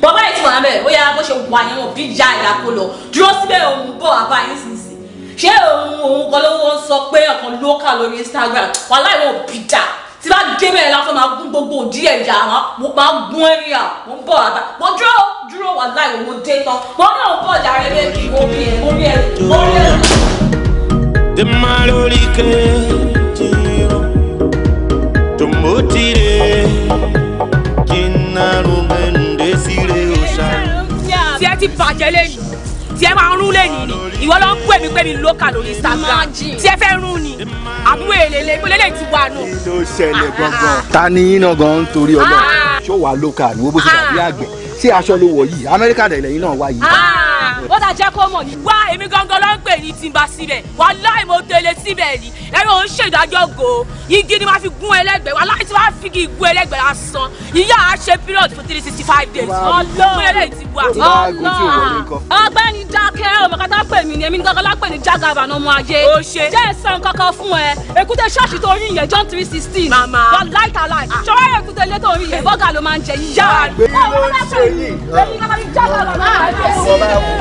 bàbá yìí ti wà lábẹ́ ó yára bó ṣe wà yẹn wọn bí ja ìyàpò lọ dúró síbẹ̀ òun bọ̀ àbá yín sì sí ṣé òun òun kan ló wọ́n sọ pé ọ̀kan ló kà lórí Instagram wàhálà ìwọ̀n bí ja tí bá dé bẹ́ẹ̀ máa gún gbogbo òdí ẹ̀yà máa gún ẹ̀yà mo ń bọ̀ àbá mo dúró dúró wàhálà ìwọ̀n dé tán wọn náà bọ̀ jàre méjì orí ẹ̀ orí ẹ̀ orí ẹ̀. ti bàjẹ́ lẹ́nu tí ẹ máa ń rún lẹ́nu ni ìwọ ló ń pè mí pé mi lókà lórí Instagram tí ẹ fẹ́ rún ni àbúrò èlélẹ̀ ìpínlẹ̀ èlé ti wà nù. kí ló ṣẹlẹ̀ ah, gangan. Ah, ah. ta ni yín gan ń torí ọlọ́run ṣó wàá lókà ni wọ́n bó ṣe dàbí àgbẹ̀ ṣé aṣọ ló wọ̀ yìí Amẹ́ríkà lẹ̀lẹ̀ yín náà wá yìí ó dà jẹ́ kó mọ̀ ní. wá èmi gangan ló ń pè ní tìǹbà síbẹ̀ wà láì mo tẹ̀lé síbẹ̀ ni ẹ̀rọ ò ń ṣèdájọ́ go igi ni máa fi gún ẹlẹ́gbẹ̀ẹ́ wà láì tí wàá fi igi gún ẹlẹ́gbẹ̀ẹ́ lásán ìyá a ṣe period for three sixty five days. ọgbẹ́ni dákẹ́ òmùkátà pè mí ni èmi gangan ló ń pè ní jágàbà ní ọmọ ajé. ó ṣe jẹ́ ẹ̀sán kankan fún ẹ èkúté ṣọ́ọ̀ṣì tó rí yẹn John three sixteen wà láì tà láì ṣọwọ́ èkúté ilé tó rí yẹn bọ́gà ló máa ń jẹ yíyá. àgbẹ̀ ló ń ṣe yìí.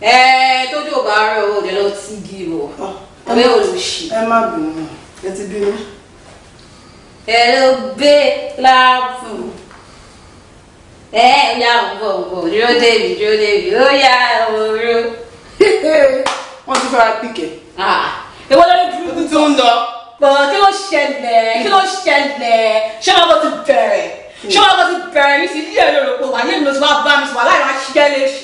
ẹ tójú ò bá rẹ o òde lọ tí igi o ah, ọbẹ olùsì. ẹ má bínú ẹ ti bínú. ẹ ló gbé láàbù ẹ ya òǹbọ òǹbọ dúró débi dúró débi ó ya òru. wọ́n ti fara píkẹ́. èwo ah, lórí burúkú tó ń lọ. bọ̀ kí ló ṣẹlẹ̀ kí ló ṣẹlẹ̀ ṣé máa bọ́ ti bẹ̀rẹ̀ ṣé wàá kọ́ sí bẹ̀rẹ̀ ní sí ilé lóru pé wà lẹ́nu ló ti wá bá mi sùn wà láì wá ṣiṣẹ́ lè ṣù.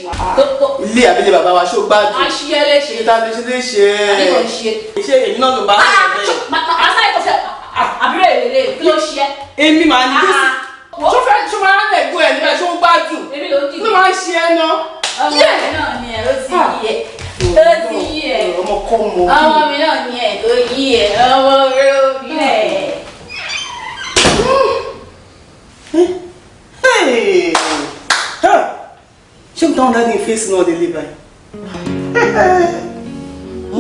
ilé àbíjẹ bàbá wa ṣó gbádùn. a ṣiṣẹ́ lè ṣe. ìta lè ṣe lè ṣe. àbíkọ̀ ṣe. ṣé èmi náà ló bá sọ̀rọ̀ bẹ́ẹ̀. àṣàyè kò sẹ́ ah, àbúrò èlé kí ló ṣe. èmi ah, ah. máa ń dé sí. tó fẹ́ tó máa ń lẹ̀gbọ́ ẹ̀ níbẹ̀ tó ń gbádùn. èmi ló dì í. ló máa ń ṣe ẹ ná. ọmọ mi náà ni ẹ ló ti yí ẹ ló ti yí ẹ. ọmọ mi náà ni ẹ ló yí ẹ ọmọ mi ló bí ẹ. Eh? Hey, nǹkan ọ̀dà ni fèsì náà délé báyìí.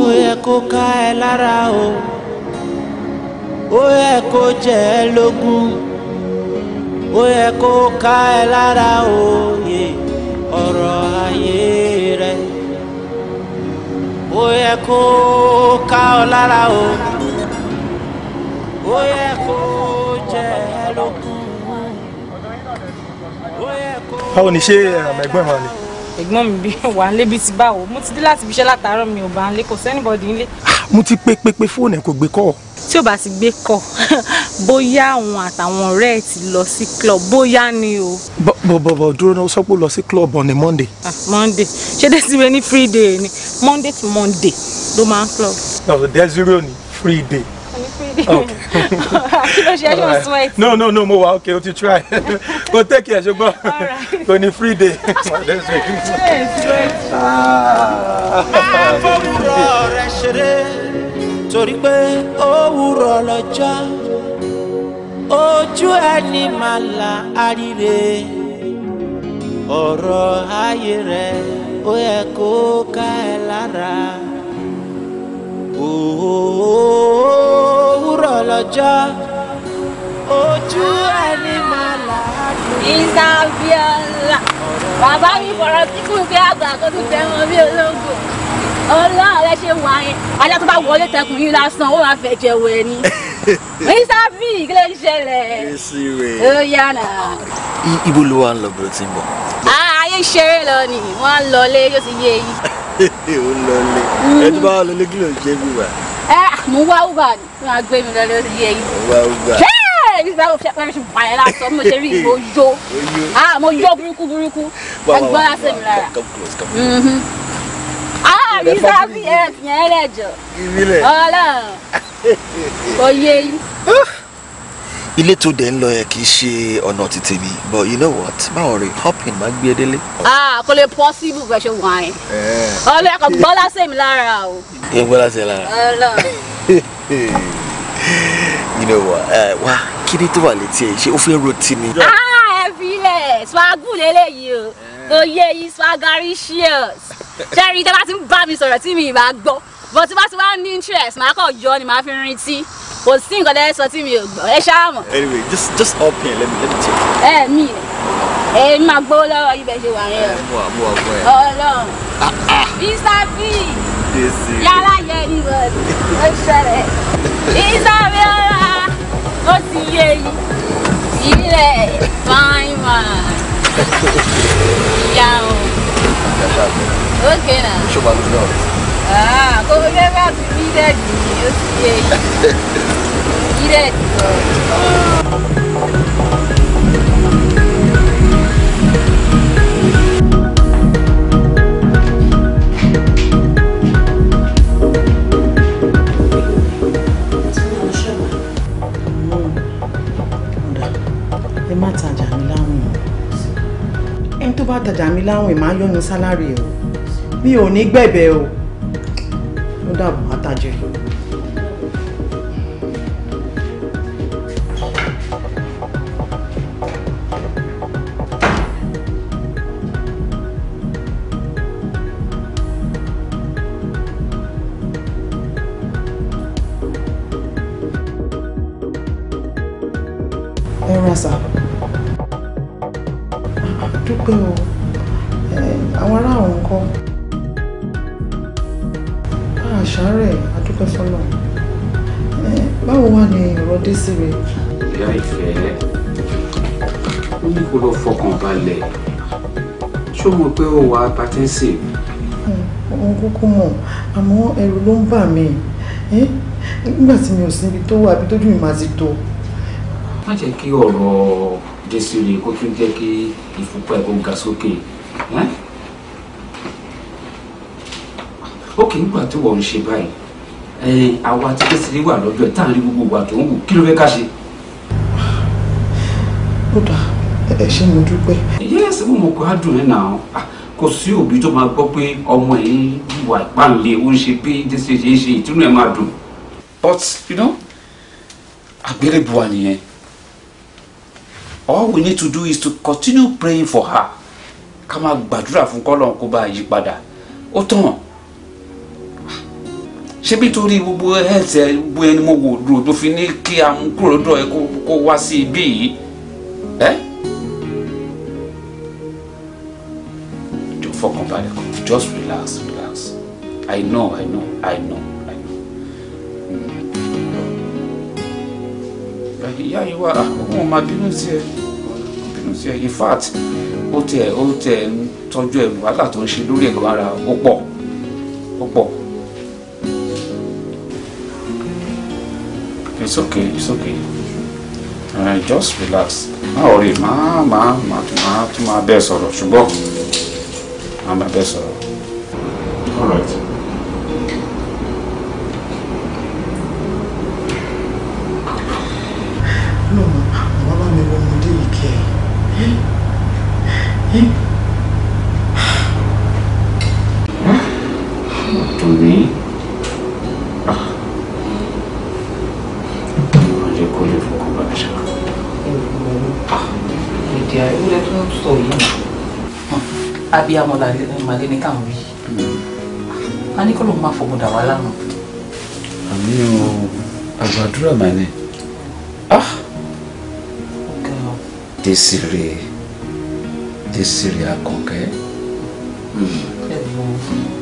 ó yẹ kó ká ẹ lára o ó yẹ kó jẹ ẹ lógún ó yẹ kó ká ẹ lára o yẹ ọ̀rọ̀ ayé rẹ ó yẹ kó ká ọ lára o ó yẹ báwo ni ṣé um, ẹ̀gbọ́n ẹ̀ wà ní. ẹ̀gbọ́n mi bí wà á lébi ti báwo mo ti dé láti fi iṣẹ́ látàárọ̀ mi ò bá ń lé kò sẹ́nìbọ̀dì ńlé. Ah, mo ti pé pé pé fóònù ẹ kò gbé kọ́. tí ò bá ti gbé kọ́ bóyá òun àtàwọn ọ̀rẹ́ ẹ̀ ti lọ sí club bóyá ni o. bọ̀bọ̀bọ̀ dúró náà ó sọ pé ó lọ sí club on a monday. Ah, monday ṣé dé síbi ní free day ni monday to monday ló máa ń club. ọ̀dẹ́ zero ni free day fún ní free day kí ló no no no mo okay you try o take care ṣùgbọ́n kò ní free day. máa fọwúrọ̀ rẹ̀ ṣeré torí pé òwúrọ̀ lọ́jọ́ ojú ẹni máa la àríre ọ̀rọ̀ ayé rẹ̀ ó yẹ kó ká ẹ òwúrọ̀ lọ́jọ́ ojú ẹni máa là á dùn. ìsàbíọ́lá bàbá mi fọ̀rọ̀ tí kò sí àgbà tó ti fẹ́ wọn bí ológo ọlọ́ọ̀rẹ́ ṣe wà yẹn ajá tó bá wọlé tẹkùn yín lásán ó máa fẹ́ jẹ̀wọ̀ ẹ̀ ni mísàbí kí ló ń ṣẹlẹ̀ ó yàrá. ibo ló wà ń lọ bro tí ń bọ̀. ààyè ah, ṣeré lọ ni wọ́n á lọ lé yóò ti yé yín. ó lọ lé hmm. ẹ bá wà lọlé kí ló ń ṣe bí wà. ẹ mo wá uber ni wọn á mi lọ lọ sí ẹ̀yìn. wá uber. ṣé ibi báwo ṣe fẹ́ẹ́ ṣe bàyẹ̀ lásán mo ṣe rí ìbò yó mo yó burúkú burúkú agbára sí mi lára. ah mi sábì ẹ fi yẹn lẹ́jọ́ ọlọ́run oyè yìí ilé tó dẹ̀ ń lọ yẹn kì í ṣe ọ̀nà tètè mi but you know what báwo rè hopin máa gbé e délé. ah kò lè possible bẹ́ẹ̀ ṣe wà yẹn eh. ọlọ́yà kan gbọ́lá sí mi lára o. kí n gbọ́lá lára. you know what eh, wá kí ni tó wà létí ẹ ṣé o fẹ́ ro mi. ah ẹ fi ilẹ̀ swagun lélẹ́yìí o eh. oyè yìí swagaricious ṣẹ́rí tí a bá ti ń bá mi sọ̀rọ̀ tí mi ì bá gbọ́ but tí bá ti wá ní interest màá kàn yọ ni màá fi rin tí kò sí nǹkan tẹ́ sọ tí mi ò gbọ́ ẹ ṣáà anyway just just up here let me let me check. it. ẹ mi èmi máa gbowó lọ́wọ́ ibẹ̀ ṣe wà yẹn o. mo wà mo wà mo wà. ọlọ́run ah, ah. Mr. B yàrá yẹ ìwọ̀n ó ṣẹlẹ̀ Mr. B ọ̀la ó ti yé yìí ilẹ̀ fine man yà ó. ok na. ṣé o náà kò fẹ́ bá ti rí rẹ́ẹ̀dì ni ẹni tó bá tajà mí láwìn má yọ sálárì o mi ò ní gbẹ̀bẹ̀ o dààmú atajiri hypertensive. òun hmm, kúkú mọ̀ àmọ́ ẹ̀rù ló ń bà mí nígbà tí mi ò síbi tó wà bí tójú mi máa ti tó. má jẹ́ kí ọ̀rọ̀ Désiré kó tún jẹ́ kí ìfúnpá ẹ̀ kó ga sókè ó kì í gbà tí wọ́n ń ṣe báyìí àwa tí Désiré wà lọ́dọ̀ ẹ̀ tá à ń rí gbogbo wa tó ń wù kí ló fẹ́ ká ṣe. ó dáa ẹ ṣé mo dúpẹ́. yẹ́sì mo mọ̀ pé á dùn ẹ́ nà ah, kò sí òbí tó máa gbọ́ pé ọmọ ẹ̀ ń wà ìpàlẹ̀ ó ń ṣe pé ṣe ṣe ṣe ìtúnú ẹ̀ máa dùn. but you know àgbélébùwà nìyẹn all we need to do is to continue praying for her ká máa gbàdúrà fún kọ́lọ́n kó bá yí padà ó tán ṣebí torí gbogbo ẹ̀ẹ́dẹ̀ gbogbo ẹni mo wò dúró tó fi ní kí amúkúròdọ̀ ẹ kó wá sí ibí yìí ẹ́. Eh? fọkànbalẹ̀ kan just relax relax i know i know i know i know. Hmm. ìyá yìí wá òun ah, ò máa bínú sí in fact ó tẹ ó tẹ ń tọ́jú ẹ wàhálà tó ń ṣe lórí it's okay it's okay uh, just relax má ọ̀rẹ́ má má má tún má bẹ́ẹ̀ sọ̀rọ̀ ṣùgbọ́n àwọn bóyá mọ̀lẹ́ ní káwọn wí a ní kó ló máa fọwọ́ dà wá lánàá. àmì o àgbàdúrà mà ní. Desire Desire Akànkẹ́.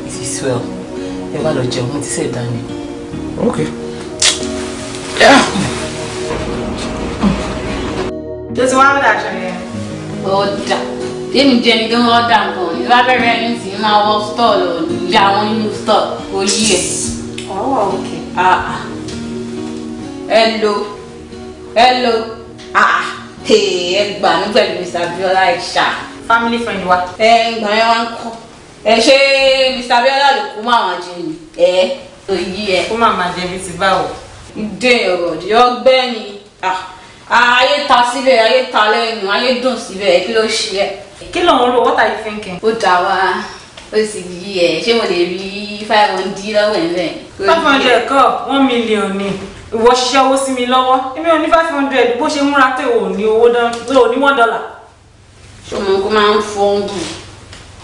it is well ẹ bá lọ jẹun tí sẹ́ẹ̀ dání. okay. Yeah. Just one of that, Shania. Well done èmi jẹ́ ni tó ń ọ́dà nǹkan ní bá bẹ̀rẹ̀ ẹni tí ń máa wọ stọ̀ lọ ìyá àwọn inú stọ̀ kò yí ẹ̀. ọwọ́ oh, òkè. Ah, ah. hello hello ah, ẹ gbà ní pẹ̀lú Mr. Abiola ẹ̀ṣà. family friend wa. ẹ gbà yẹn wá ń kọ́ ẹ ṣe Mr. Abiola ló kó máa wọn jẹ ni ẹ kò yí ẹ. kó máa máa jẹbi ti báwo. dé ọ̀rọ̀ ọgbẹ́ni ayé ta síbẹ̀ ayé ta lẹ́nu ayé dùn síbẹ̀ kí ló ṣe ẹ́ kí ló ń ro what are you thinking. ó dà wá ó sì yí ẹ ṣé mo lè rí five hundred lọ́wọ́ ẹ̀ bẹ́ẹ̀. five hundred kọ́ one million ni ìwọ ṣiṣẹ́ owó sí mi lọ́wọ́ èmi ò ní five hundred bó ṣe múra pé ò ní owó dán ò ní one dollar. ṣọmọ kó máa ń fọ́nbù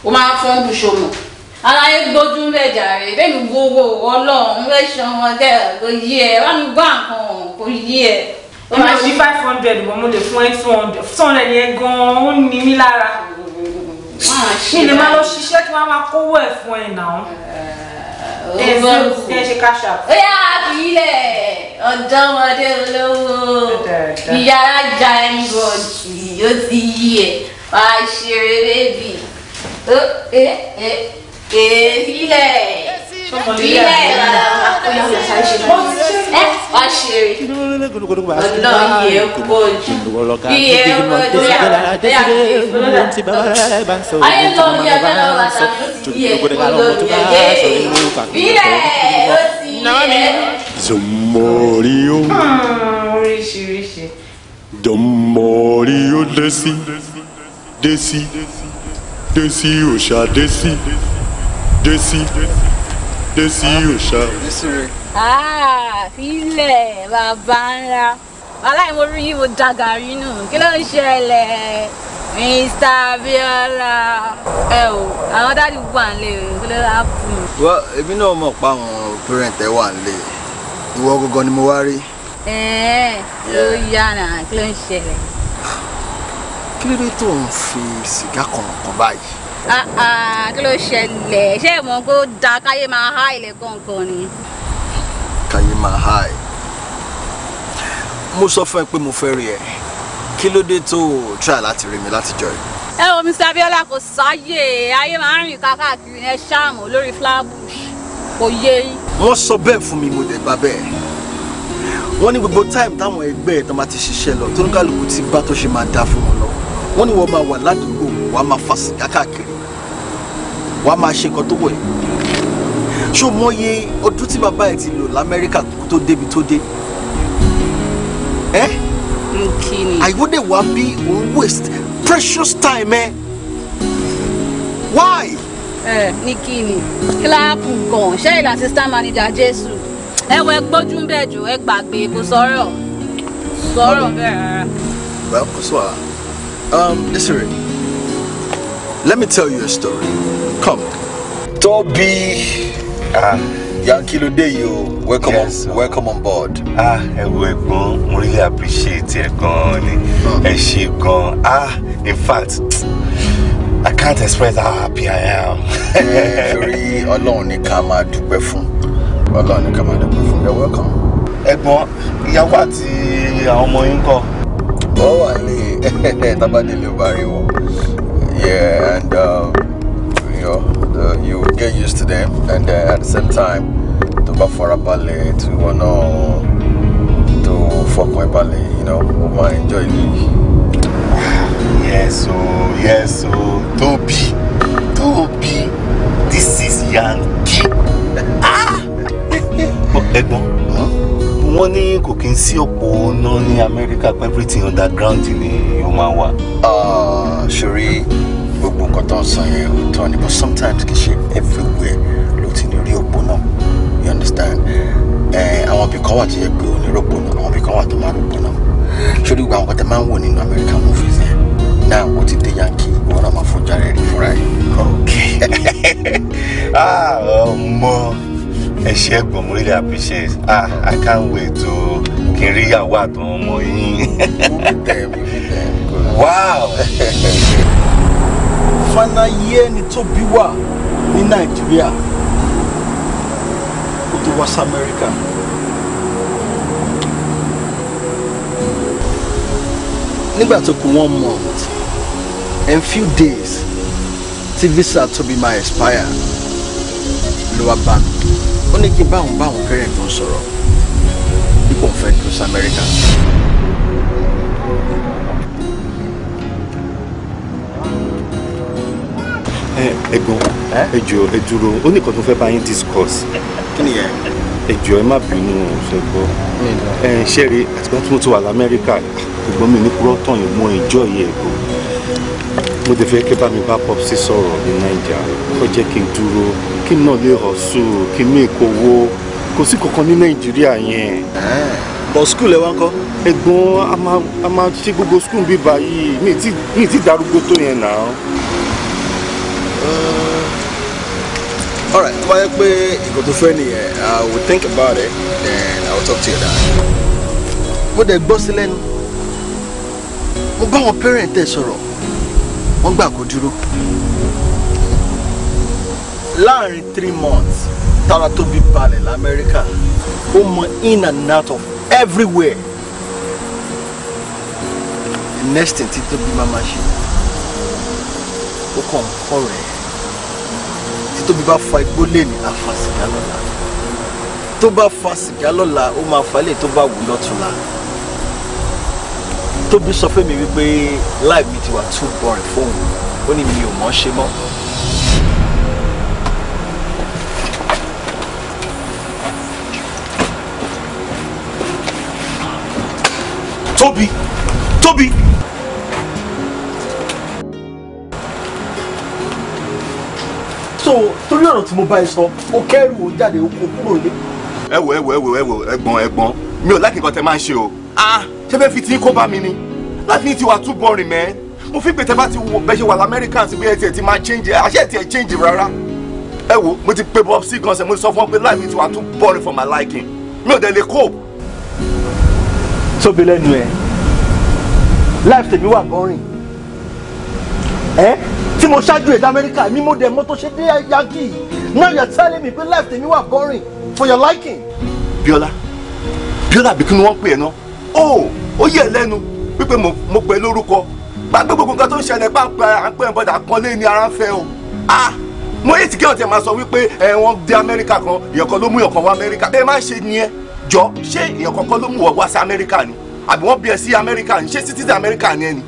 ó máa ń fọ́nbù ṣọmọ aláyé gbójú ń bẹ jàre bẹ́ẹ̀ ni gbogbo ọlọ́run ń bẹ ṣan ọdẹ kò yí ẹ wọ́n ń gbọ́ àǹkan kò yí ẹ ó máa five hundred bọ́ mo lè fún ẹ two hundred two hundred yẹn gan-an ó ní mí lára mi lè máa lọ ṣiṣẹ́ kí wọ́n máa kówó ẹ̀ fún ẹ náà ẹ ṣe cash out. ó yà á fi ilẹ̀ ọ̀dọ́mọdé olówó ìyára ja ẹni bọ̀ọ̀dì ó ti yí ẹ̀ wàá ṣeré bébì ó ẹ ẹ ẹ sílẹ̀ bílẹ̀ ẹ wá ṣe rí ọ̀nà iye kò jù iye kò jù ayé lọ bí ẹgbẹ́ náà wà sábẹ́ iye kò lọ bí bílẹ̀ ó ti yẹ. Jọmọ̀ríyó. Oríṣiríṣi. Jọmọ̀ríyó dẹ́sí dẹ́sí dẹ́sí òṣà dẹ́sí dẹ́sí desi òòṣà. Ah, ilẹ̀ bàbá ńlá aláì mo rí mo da nù kí ló ń ṣẹlẹ̀ Mr. Abiola ẹ o àwọn dáàdi wà nílé o kí ló ń hàpù. wọ́n èmi náà mọ̀ pa àwọn pẹ́rẹ́ǹtẹ̀ wà nílé ìwọ gangan ni mo wá rí. ẹ̀ẹ́ ló yá náà kí ló ń ṣẹlẹ̀. kí ló dé tó ń fi sìgá kọ̀ọ̀kan báyìí. Ah, ah, kí ló ṣẹlẹ̀ ṣé ìmọ̀ kó da káyé máa há ilẹ̀ gangan ni. káyé máa há ẹ mo sọ fún ẹ pé mo fẹ́ rí ẹ kí ló dé tó o try láti rí mi látijọ́ yìí. ẹ wo Mr. Abiola kò sáyè ayé máa ń rìn káàkiri yẹn ṣáàmù lórí flabush kò yé. wọ́n sọ bẹ́ẹ̀ fún mi mo dẹ̀ bá bẹ́ẹ̀ wọ́n ní gbogbo táìmù táwọn ẹgbẹ́ ẹ̀ tó máa ti ṣiṣẹ́ lọ tó ní kálukú ti bá tó ṣe máa dá fún wọn lọ wọ́n ní wọ́n máa wà ládùúgbò wàá máa fa sìgá káàkiri wàá máa ṣe nǹkan tó wọ̀ ẹ́ ṣó mọye ọdún tí bàbá ẹ ti lò lamẹ́ríkà tó débi tó dé ẹ́ àìwọ́dé wàá bí òun waste precious time ẹ why. ẹ ní kí ni kíláàpù gan ṣé ìlà sista manager jésù ẹ wọ ẹ gbójú ń bẹ jù ẹ gbàgbé kò sọ̀rọ̀ sọ̀rọ̀ bẹ́ẹ̀ rárá. well kò sọ àá um, Desiree. Let me tell you a story. Come. Toby. Ah. Yankee Lode, you welcome, yes, on, welcome on board. Ah, ẹ wo ẹ̀gbọ́n, mo really appreciate ẹ gan ni. Hmm. Ẹ ṣé gan. Ah, in fact, I can't express how happy I am. Torí Ọlọ́run ni ká máa dúpẹ́ fún. Ọlọ́run ni ká máa dúpẹ́ fún. You're welcome. Ẹ̀gbọ́n, ìyàwó àti àwọn ọmọ yín kọ́. Bọ́wà ni tábàdélé ò bá rí wọn yeah, and um, you know, the, you get used to them, and uh, at the same time, tó bá fara balẹ̀, tí wọ́n to fuck my ballet, you know, ó máa enjoy league. Yes, oh, yes, oh, Tobi, Tobi, this is Yankee. Ah! Ẹ̀gbọ́n, wọ́n ní kò kí n sí ọ̀pọ̀ ọ̀nà ní Amẹ́ríkà pé everything underground ni ó máa wà. Ah, ṣòrí gbogbo nǹkan tó ń sọ yẹn òótọ́ ni but sometimes kì í ṣe everywhere ló ti ní rí òpó náà you understand àwọn ibì kan wà tó yẹ pé ò ní rògbò náà àwọn ibì kan wà tó máa rògbò náà ṣórí gbogbo àwọn kan tẹ máa ń wò nínú American movies yẹn náà ó ti dé Yankee ìwọ náà máa fojú ara rí fúnra yìí ok ah, ọmọ ẹ ṣé ẹ̀gbọ́n mo really appreciate ah I can't wait to kí n rí ìyàwó àtọmọ yín wow. afánáyé ẹni tó bí wà ní nàìjíríà kó tó wá sí America. nígbà tó kù one month and few days tí visa tó bí máa expire ló wá bá mi ó ní kí n báwọn báwọn parent tó ń bí kò ń fẹ́ dúró sí amẹ́ríkà. ẹ̀gbọ́n eh, eh? ẹjọ́ ẹ dúró ó nìkan tó fẹ́ bá yín discuss. kí yẹn. ẹjọ́ ẹ má bínú ṣẹgbọ ẹ eh, ṣẹrí àtìgbà tí mo ti wà lamẹ́ríkà ẹ̀gbọ́n mi ní kúrọ tán yìí mo enjoy yẹ ẹ̀gbọ́n mo dẹ̀ fẹ́ kí bá mi bá popsi sọ̀rọ̀ ní naija kó jẹ́ kí n dúró kí n náà lè họ̀sù kí n mí kó owó kò sí kankan ní nàìjíríà yẹn bọ̀ skul ẹ̀ wá kọ́. ẹ̀gbọ́n a máa ṣe gbogbo skul bíbá yìí mi ì ti darúgbó tó yẹn náà. Uh, alright tó bá yẹ pé nǹkan tó fẹ́ nìyẹn i will think about it and i will talk to you dad. mo dẹ̀ gbọ́ sí lẹ́nu mo bá wọn parent ẹ̀ I'm going to kó dúró. láàárín three months tára tó be balẹ̀ in America. I'm in and out of everywhere. the next thing tí be my machine. I'm ṣe ó kàn ń tóbi bá fa igbó lẹ́nu á fa sìgá lọ́la tó bá fa sìgá lọ́la ó máa fa lè tó bá wù lọ́túnla tóbi sọ fún mi wípé life mi ti wà too boring fóun ó ní mi ò mọ̀ ṣe mọ́. tóbi tóbi. so torí ọ̀rọ̀ tí mo bá ẹ sọ o kẹ́rù o jáde o kò kúrò lé. ẹ wò ẹ wò ẹ wò ẹ wò ẹ̀gbọ́n ẹ̀gbọ́n mi ò láti nǹkan tẹ máa ń ṣe o ah ṣé bẹ́ẹ̀ fi ti kó bá mi ni láti ní tiwa tún bọ́ọ̀rìn mẹ́ mo fi pètè bá ti wo bẹ́ẹ̀ ṣe wà lamẹ́ríkà àti bí ẹ tiẹ̀ máa change àṣẹ tiẹ̀ change rárá ẹ wò mo ti pe bob seagull ṣe mo sọ fún ọ pé láti ní tiwa tún bọ́ọ̀rìn for my liking mi ò dẹ̀ lè cope. tóbi lẹ́nu ẹ̀ life tèmi wà bọ́ọ̀rìn ẹ́ eh? tí mo ṣáájú èdè amẹ́ríkà ni mo dẹ̀ mọ́ tó ṣe dé yankee now you are telling me pé life tèmi wà boring for your liking. biola biola àbíkú ni wọ́n pè é ná ó ó yẹ lẹ́nu pípé mo pè é lórúkọ gbàgbé gbogbo nǹkan tó ń ṣẹlẹ̀ bá pẹ́ àpẹ́ bọ́dà kan lé ní ara ń fẹ́ o ah mo yé tìkẹ́ ọ̀tẹ̀ máa sọ wípé ẹ wọ́n dé amẹ́ríkà kan èèyàn kan ló mú èèyàn kan wá amẹ́ríkà bẹ́ẹ̀ má ṣe nìyẹn jọ ṣé èèyàn kankan ló mú wọ́n wá sí amẹ́ríkà ni àbí wọ́n bí ẹ sí amẹ́ríkà ni ṣé citizen amẹ́ríkà ni ẹ ni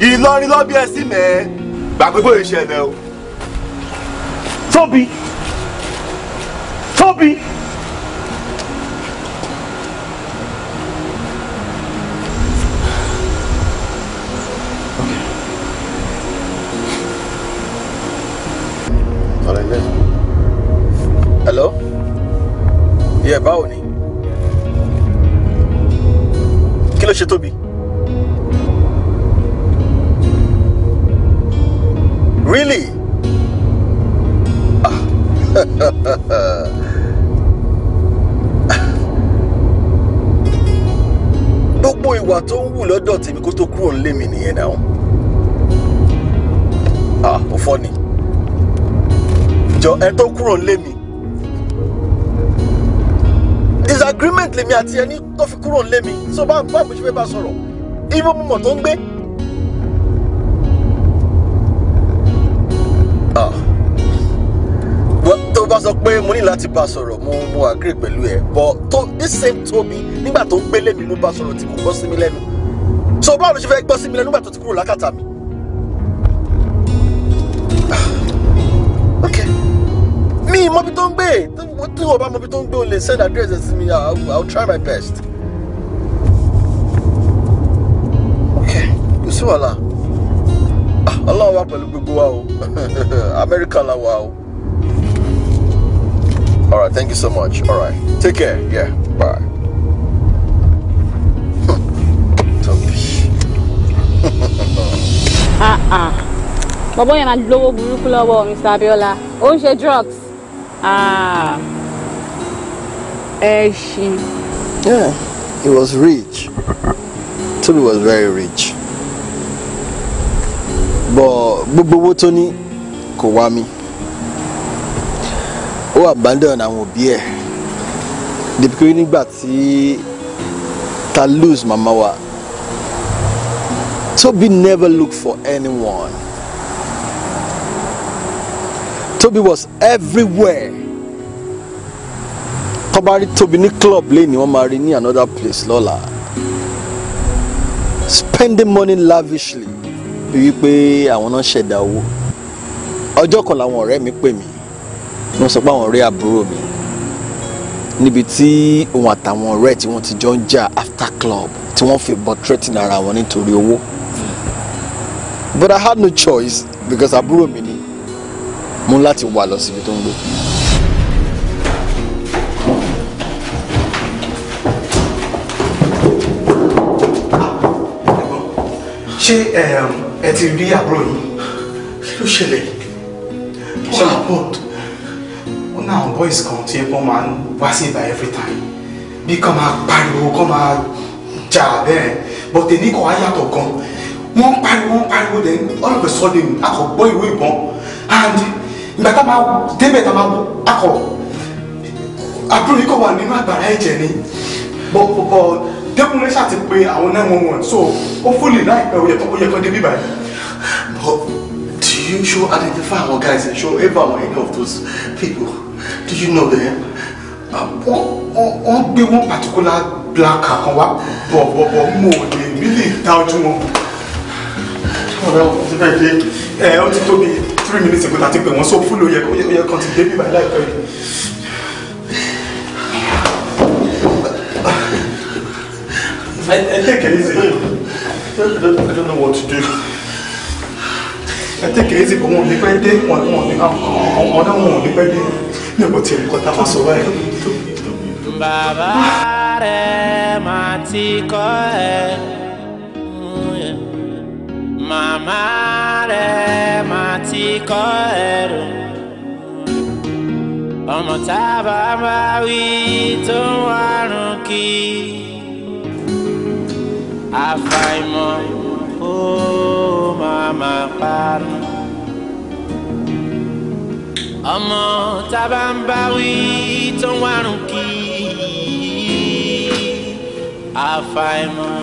Ìlọrin ló bí ẹ sí mẹ́ẹ́ gbàgbé bóyá ìṣẹ̀lẹ̀ o. tóbi tóbi. agreement lèmi àti ẹni tó fi kúrò lémi so bá bá mi ṣe fẹ́ bá sọ̀rọ̀ ibi mo mọ̀ tó ń gbé. Ah. tó bá sọ pé mo ní láti bá sọ̀rọ̀ mo mo agree pẹ̀lú ẹ̀ bọ̀ tó this same Tobi nígbà tó ń gbé lémi ló bá sọ̀rọ̀ tí kò gbọ́ sí mi lẹ́nu so báwo ló ṣe fẹ́ gbọ́ sí mi lẹ́nu nígbà tó ti kúrò lákàtà mi. Ah mi mọ ibi tó ń gbé tí wọ́n bá mọ tó ń gbé o lè send address ẹ̀ sí mi i try my best. ok kò sí wàhálà ọlọ́run ah, pẹ̀lú gbogbo wa o amẹ́ríkà la wà o. All right, thank you so much. All right, take care. Yeah, bye. Ah, ah. Bọ̀bọ́ yẹn máa lówó burúkú lọ́wọ́ Mr. Abiola. Ó ń ṣe drugs. Ah. Ẹṣin. Yeah, he was rich. Tobi was very rich. But gbogbo owó tó ní kò wá mi. Ó abandon àwọn òbí ẹ̀. Dèbí pé nígbà tí ta lose màmá wa. Tobi never look for anyone. Tobi was everywhere tó bá rí Tobi ní club lẹ́ni wọ́n máa rí ní another place lọ́la spending money lavishly bí wípé àwọn náà ṣẹ̀dá owó ọjọ́ kan làwọn ọ̀rẹ́ mi pè mí wọ́n sọ pé àwọn ọ̀rẹ́ àbúrò mi níbi tí òun àtàwọn ọ̀rẹ́ tí wọ́n ti jọ ń jà after club tí wọ́n fi bọ́ threatening ara wọn nítorí owó but I had no choice because àbúrò mi mú láti wà lọ síbi tó ń gbé. ṣé um, ẹ ti rí àbúrò yìí kí ló ṣẹlẹ̀ ṣe wà pọ̀ ó ní àwọn boys kan tí wọ́n máa ń wá sí ibà every time bí kàn máa pariwo kàn máa jà bẹ́ẹ̀ bọ́tẹ̀ ní kàn á yàtọ̀ gan wọ́n pariwo wọ́n pariwo then all of a sudden a kò gbọ́ ìwé ìbọn and ìgbà tá a máa débẹ̀ tá a máa akọ àbúrò yìí kò wà nínú àgbàrá ẹ̀jẹ̀ ni bọ̀ bọ̀ dẹ́kunlé ṣáà àwọn nine one one so ó fúlì láìpẹ́ ó yẹ kó débi báyìí. but do you show identify àwọn guys and show ever or any of those people do you know them. wọ́n gbé one particular black car kan wá bọ̀ bọ̀ bọ̀ mo ò lè mí lè dá ojú wọn. ṣé wọn ti fẹ́ dé ẹ ó ti tóbi three minutes ago láti pè wọ́n so fúlò yẹ kan ti débí my láìpẹ́ yìí. I take it easy. I don't, I don't know what to do. I take it easy, but wọ́n ò ní pẹ́ dé, wọ́n ò ní ọ̀dọ́ wọn ò ní pẹ́ dé. Mi ò tiẹ̀ kọ́ta fún sọ̀rọ̀ ẹ̀. Bàbá rẹ̀ máa ti kọ́ ẹ̀. Màmá rẹ̀ máa ikọ̀ ẹ̀rù ọmọ tá a bá bá wí tó ń wárun kí àfàìmọ̀ ó máa máa parun ọmọ tá a bá ń bá wí tó ń wárun kí àfàìmọ̀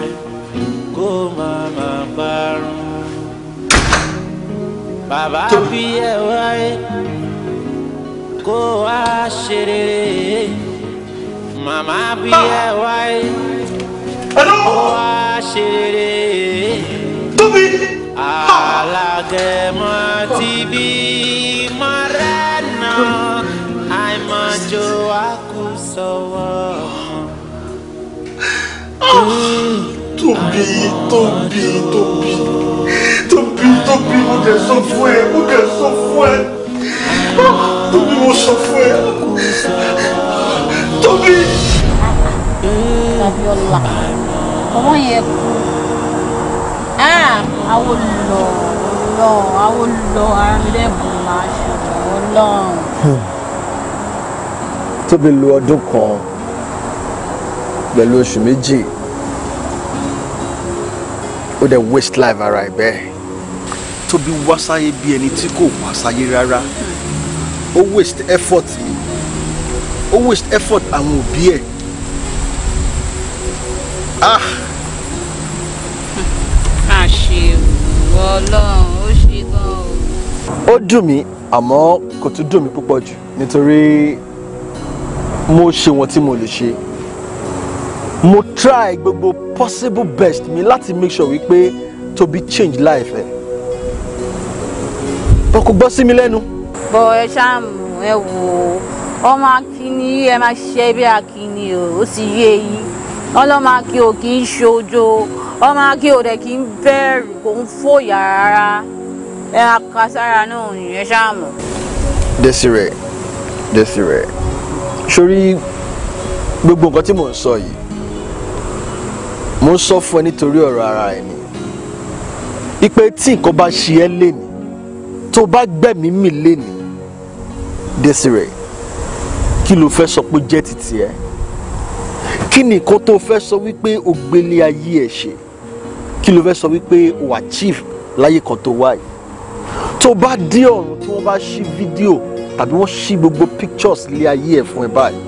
kó máa máa parun bàbá fi ẹ wáyé kó wá ṣe rere màmá bí ẹ wáyé kó wá ṣe rere alágẹmọ ti bí mọ́ra náà àìmọ̀jọ àkùsọ̀wọ́ ọmọ. Ah, tóbi, Tóbi, Tóbi, Tóbi dẹ̀ sọ fún ẹ mo dẹ̀ sọ fún ẹ tóbi mo sọ fún Tobi, tóbi. Abiola ọmọ yẹn kú àwọn lọ lọ àwọn lọ ara mi lẹ́bùn máa ṣùgbọ́n lọ́rùn. Tóbi lu ọdún kan pẹ̀lú oṣù méjì ó dẹ̀ waste life ara ẹ̀ bẹ́ẹ̀ tóbi wá sáyé bí ẹni tí kò wá sáyé rárá ó waste effort ó waste effort àwọn òbí ẹ̀ ah. àṣewò ọlọ́run ó ṣe gan o. ó dùn mí àmọ́ kò tún dùn mí púpọ̀ jù nítorí mo ṣe wọn tí mo lè ṣe mo try gbogbo possible best mi láti make sure wípé Tobi change life ẹ̀. Eh kò gbọ́ sí mi lẹ́nu. bọ ẹ ṣáà ẹ wò ó ọmọ akíní ẹ máa ṣiṣẹ́ bí akíní o ó sì yé yí ọlọ́mọ akí ò kì í ṣojo ọmọ akí ò dẹ̀ kì í bẹ̀rù kò ń fòyà rárá ẹ akasára náà nìyẹn ṣáà mọ̀. Desire Desire sórí gbogbo nǹkan tí mò ń sọ yìí mò ń sọ fún ẹ nítorí ọ̀rọ̀ ara ẹ ni ipe tí nǹkan bá ṣe ẹ́ lé ni tó bá gbẹ̀mí mi lénìí Desire kí ló fẹ́ sọ pé jẹ́ títì ẹ kí ni nǹkan tó fẹ́ sọ wípé o gbélé ayé ẹ̀ ṣe kí ló fẹ́ sọ wípé o achieve láyé kan tó wà yìí tó bá dé ọ̀run tí wọ́n bá ṣí fídíò tàbí wọ́n ṣí gbogbo pictures lé ayé ẹ̀ fún ẹ báyìí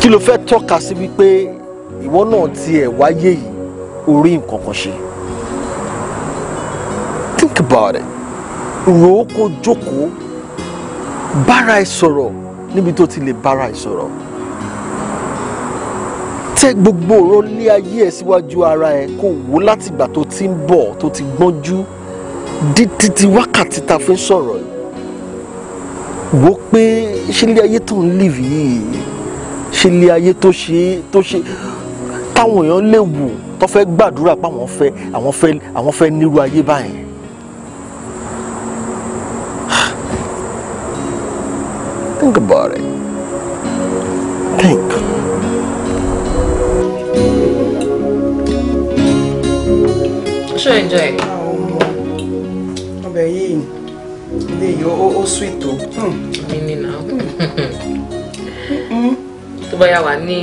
kí ló fẹ́ tọ́ka sí wípé ìwọ náà ti ẹ̀ wáyé yìí orí nǹkan kan ṣe think about it rò ó kó jókòó bára ẹ sọ̀rọ̀ níbi tó ti lè bára ẹ sọ̀rọ̀ tẹ gbogbo ọ̀rọ̀ lé ayé ẹ síwájú ara ẹ kó wò látìgbà tó ti ń bọ̀ tó ti gbọ́njú títí wákàtí ta fi ń sọ̀rọ̀ yìí wò ó pé ṣé ilé ayé tó ń live yìí ṣé ilé ayé tó ṣe tó ṣe táwọn èèyàn lè wò tó fẹ́ gbàdúrà pé àwọn fẹ́ àwọn fẹ́ àwọn fẹ́ nírú ayé báyìí. Think about it. Think. Ṣé ìjọ ẹ̀? Ọbẹ̀ yìí, ilé yìí ó sweet o. Hmm. ni nà. Tó bá yà wá ní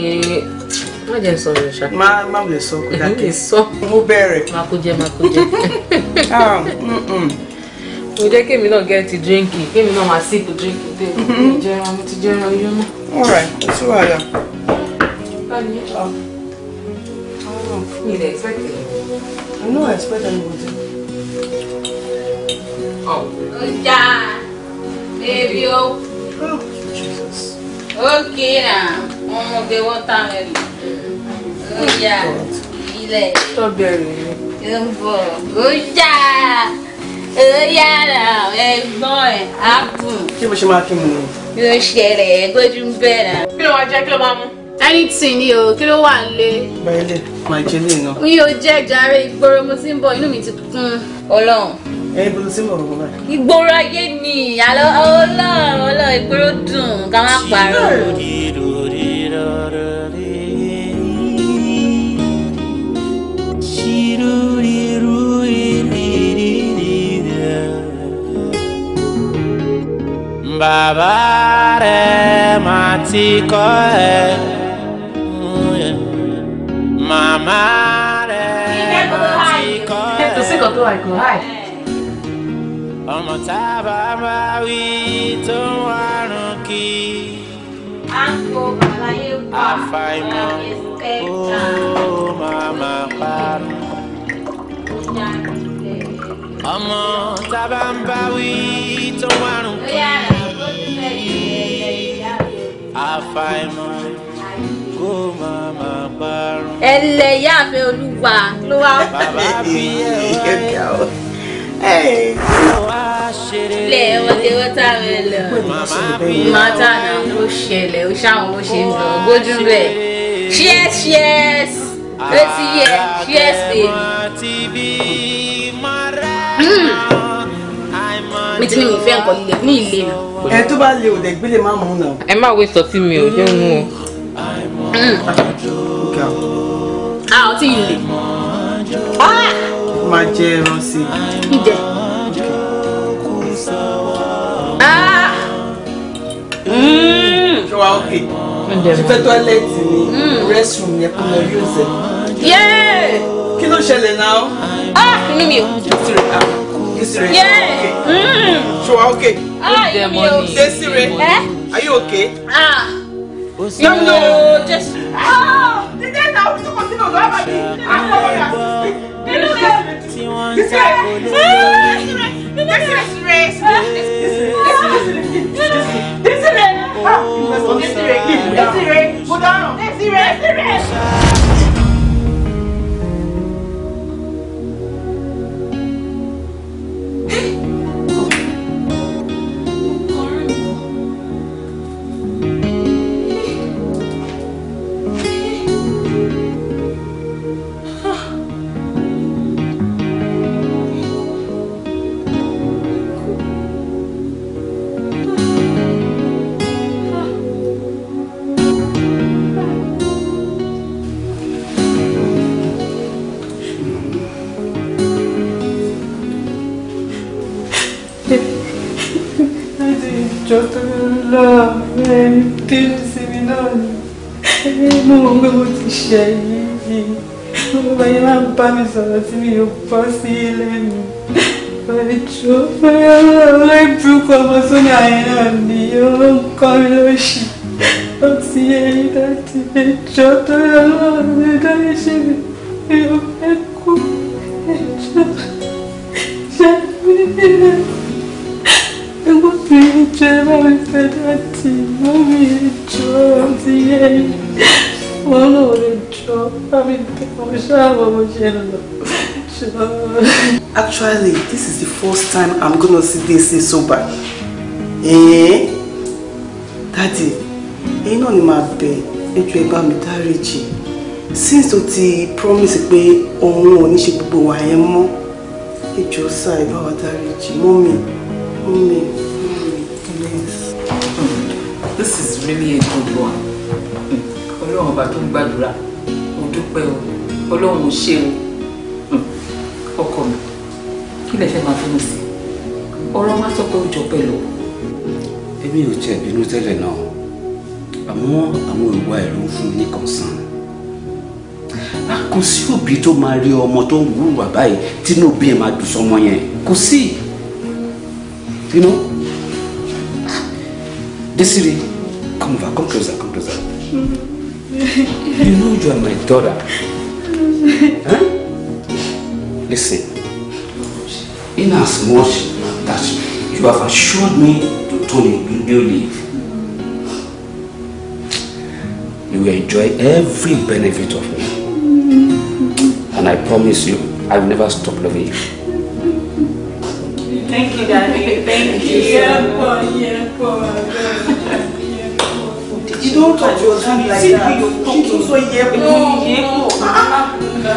má jẹ́ sọ rẹ̀ ṣá. Má má lè sọ kó dákẹ́. Mo bẹ̀rẹ̀. Má kó jẹ, má kó jẹ. o jẹ́ kémi náà gẹ́ ti dírínkì kémi náà máa sípò dírínkì dé mo jẹ́ ẹran mo ti jẹ́ ẹran yó mọ́. all right kò sí wàhálà. Ah. mi lè expect it. i no expect anybody. ọjà oh. ebi o. ókè oh, na ọmọge watermelon. ọjà ilẹ̀. strawberry. ó ń bọ̀ ọjà yàrá ẹ̀gbọ́n ẹ̀ ápùn. kí mo ṣe máa kí mi. yóò ṣẹlẹ̀ ẹ̀gbọ́jú ń bẹ̀rẹ̀. kí ló wàá jẹ́ kí ló máa mú. anything ni o kí ló wà ń lé. báyìí lè máa jẹ lè nà. mi ò jẹ́ jàre ìgboro mo ti ń bọ̀ inú mi ti kún ọlọ́run. ẹ ibo tí mo rò bọ́ báyìí. ìgboro ayé ni àlọ́ ọlọ́run ọlọ́run ìgboro dùn Shiruri bàbá rẹ̀ máa ti kọ́ ẹ màmá rẹ̀ máa ti kọ́ ẹ. ọmọ tá a bá máa wí tó ń wárun kí. a ń kó àlàyé wá àfàìmọ̀ ó máa máa parun ọmọ tá a bá ń bá wí tó ń wárun àfàìmọ̀ kó màmá parun. ẹlẹ yáàfẹ́ olúwa ló wá. bàbá bí ẹ wá ẹ wá ṣeré. ilé ẹ̀wọ̀n ti wọ́n tà mí lọ. màtá náà ló ṣẹlẹ̀ ó ṣàwọn bó ṣe ń lọ bójú rẹ̀. cheers cheers ó ti yẹ cheers baby. mi ti ní mi fẹ́ nǹkan líle ní ilé nà. ẹ tó bá lè má wé sọtí mi ò ṣe ń o. a ò tí ì jẹ ẹran sí i. ìjẹ. Ah! Mm. ṣé wàá ókè tọ́lẹ́tì ni mm. restroom yẹn kó lọ yóò zẹ̀. kí ló ṣẹlẹ̀ náà. Ah! inú mi ò. Desiree? Yeah. Mm. So, okay. Ah, you okay? Desiree, eh? are you okay? Ah. Sam oh, no. Just. Ah. The day now we suppose ah. to ah, ah. go have a This I'm This going This speak. This Desiree. This Desiree. This Desiree. This Desiree. This down. This Desiree. Hey! love ẹni tẹ́jú sí mi náà No mo mọ̀ pé mo No ṣe yìí gbogbo yẹn máa ń bá mi sọ̀rọ̀ tí mi ò bọ́ sí lẹ́nu ẹjọ́ olórí burúkú ọmọ sóní àyẹn náà ni ó ń kọ́ mi lóṣì ó ti yẹ yín láti ẹjọ́ ẹjọ́ bá mi fẹ́ dọ̀tí mú mi ẹjọ́ ti yẹ wọn Actually, this is the first time I'm gonna see this day so bad. Eh? Daddy, you know ni màá bẹ̀ ẹjọ́ ẹ bá mi dáríjì. Since o ti promise pé òun ò ní ṣe gbogbo wa yẹn mọ́, ẹjọ́ sáà ẹ bá wa dáríjì. Mọ́mì, mọ́mì this is really a good one. ọlọ́run ọba tó ń gbàdúrà mo dúpẹ́ o ọlọ́run ò ṣe o hmm. ọkọ mi kí lè fẹ́ máa fún mi sí ọ̀rọ̀ má sọ pé ó jọ pẹ̀lú. èmi ò tiẹ̀ bínú tẹ́lẹ̀ náà àmọ́ àwọn ìwà ẹ̀rọ ń fún mi ní kọ̀ǹsán a kò sí òbí tó máa rí ọmọ tó ń wúwà báyìí tínú òbí ẹ̀ máa dùn sọmọ yẹn kò You know, Desiree come over, come closer, come closer. you know you are my daughter. huh? Listen, in as much that you have assured me to Tony will you leave, you will enjoy every benefit of me. And I promise you, I will never stop loving you. Thank you, Daddy. Thank you. Thank you. Yeah, boy, yeah, boy. don't talk to your dad like see You talk to so yeah, no, no.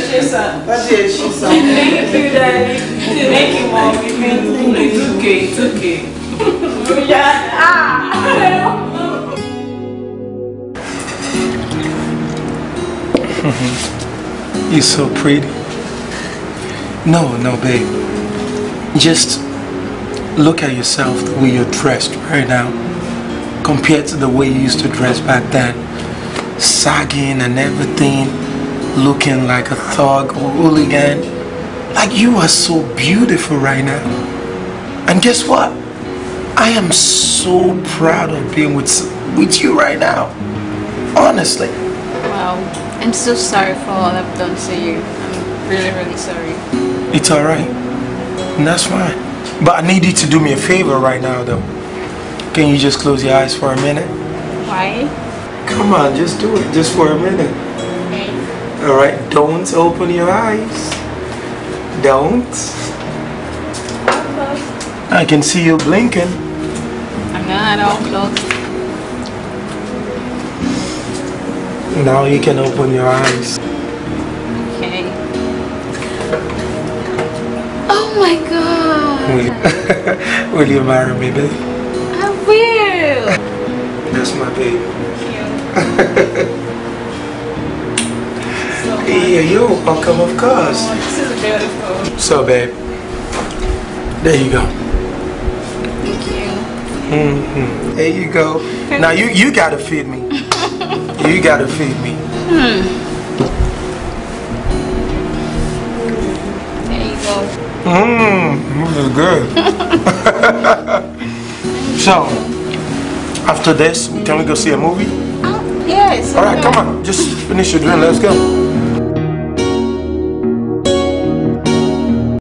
She Thank you, daddy. Thank you, mom. It's okay. It's okay. Yeah. Ah. You're so pretty. No, no, babe. Just look at yourself the way you're dressed right now compared to the way you used to dress back then. Sagging and everything, looking like a thug or hooligan. Like you are so beautiful right now. And guess what? I am so proud of being with, with you right now. Honestly. Wow. I'm so sorry for all I've done to you. I'm really, really sorry. It's alright. That's fine. But I need you to do me a favor right now though. Can you just close your eyes for a minute? Why? Come on, just do it, just for a minute. Okay. All right, don't open your eyes. Don't. I can see you blinking. I'm not all closed. Now you can open your eyes. Okay. Oh my God. Will you, will you marry me, babe? That's my baby. yeah, you're welcome, of course. Oh, this is beautiful. So, babe, there you go. Thank you. Mm -hmm. There you go. now you you gotta feed me. you gotta feed me. Hmm. There you go. Mmm, this is good. so. After this, can we go see a movie? Oh, yes. All right, come on. Just finish your drink. Let's go.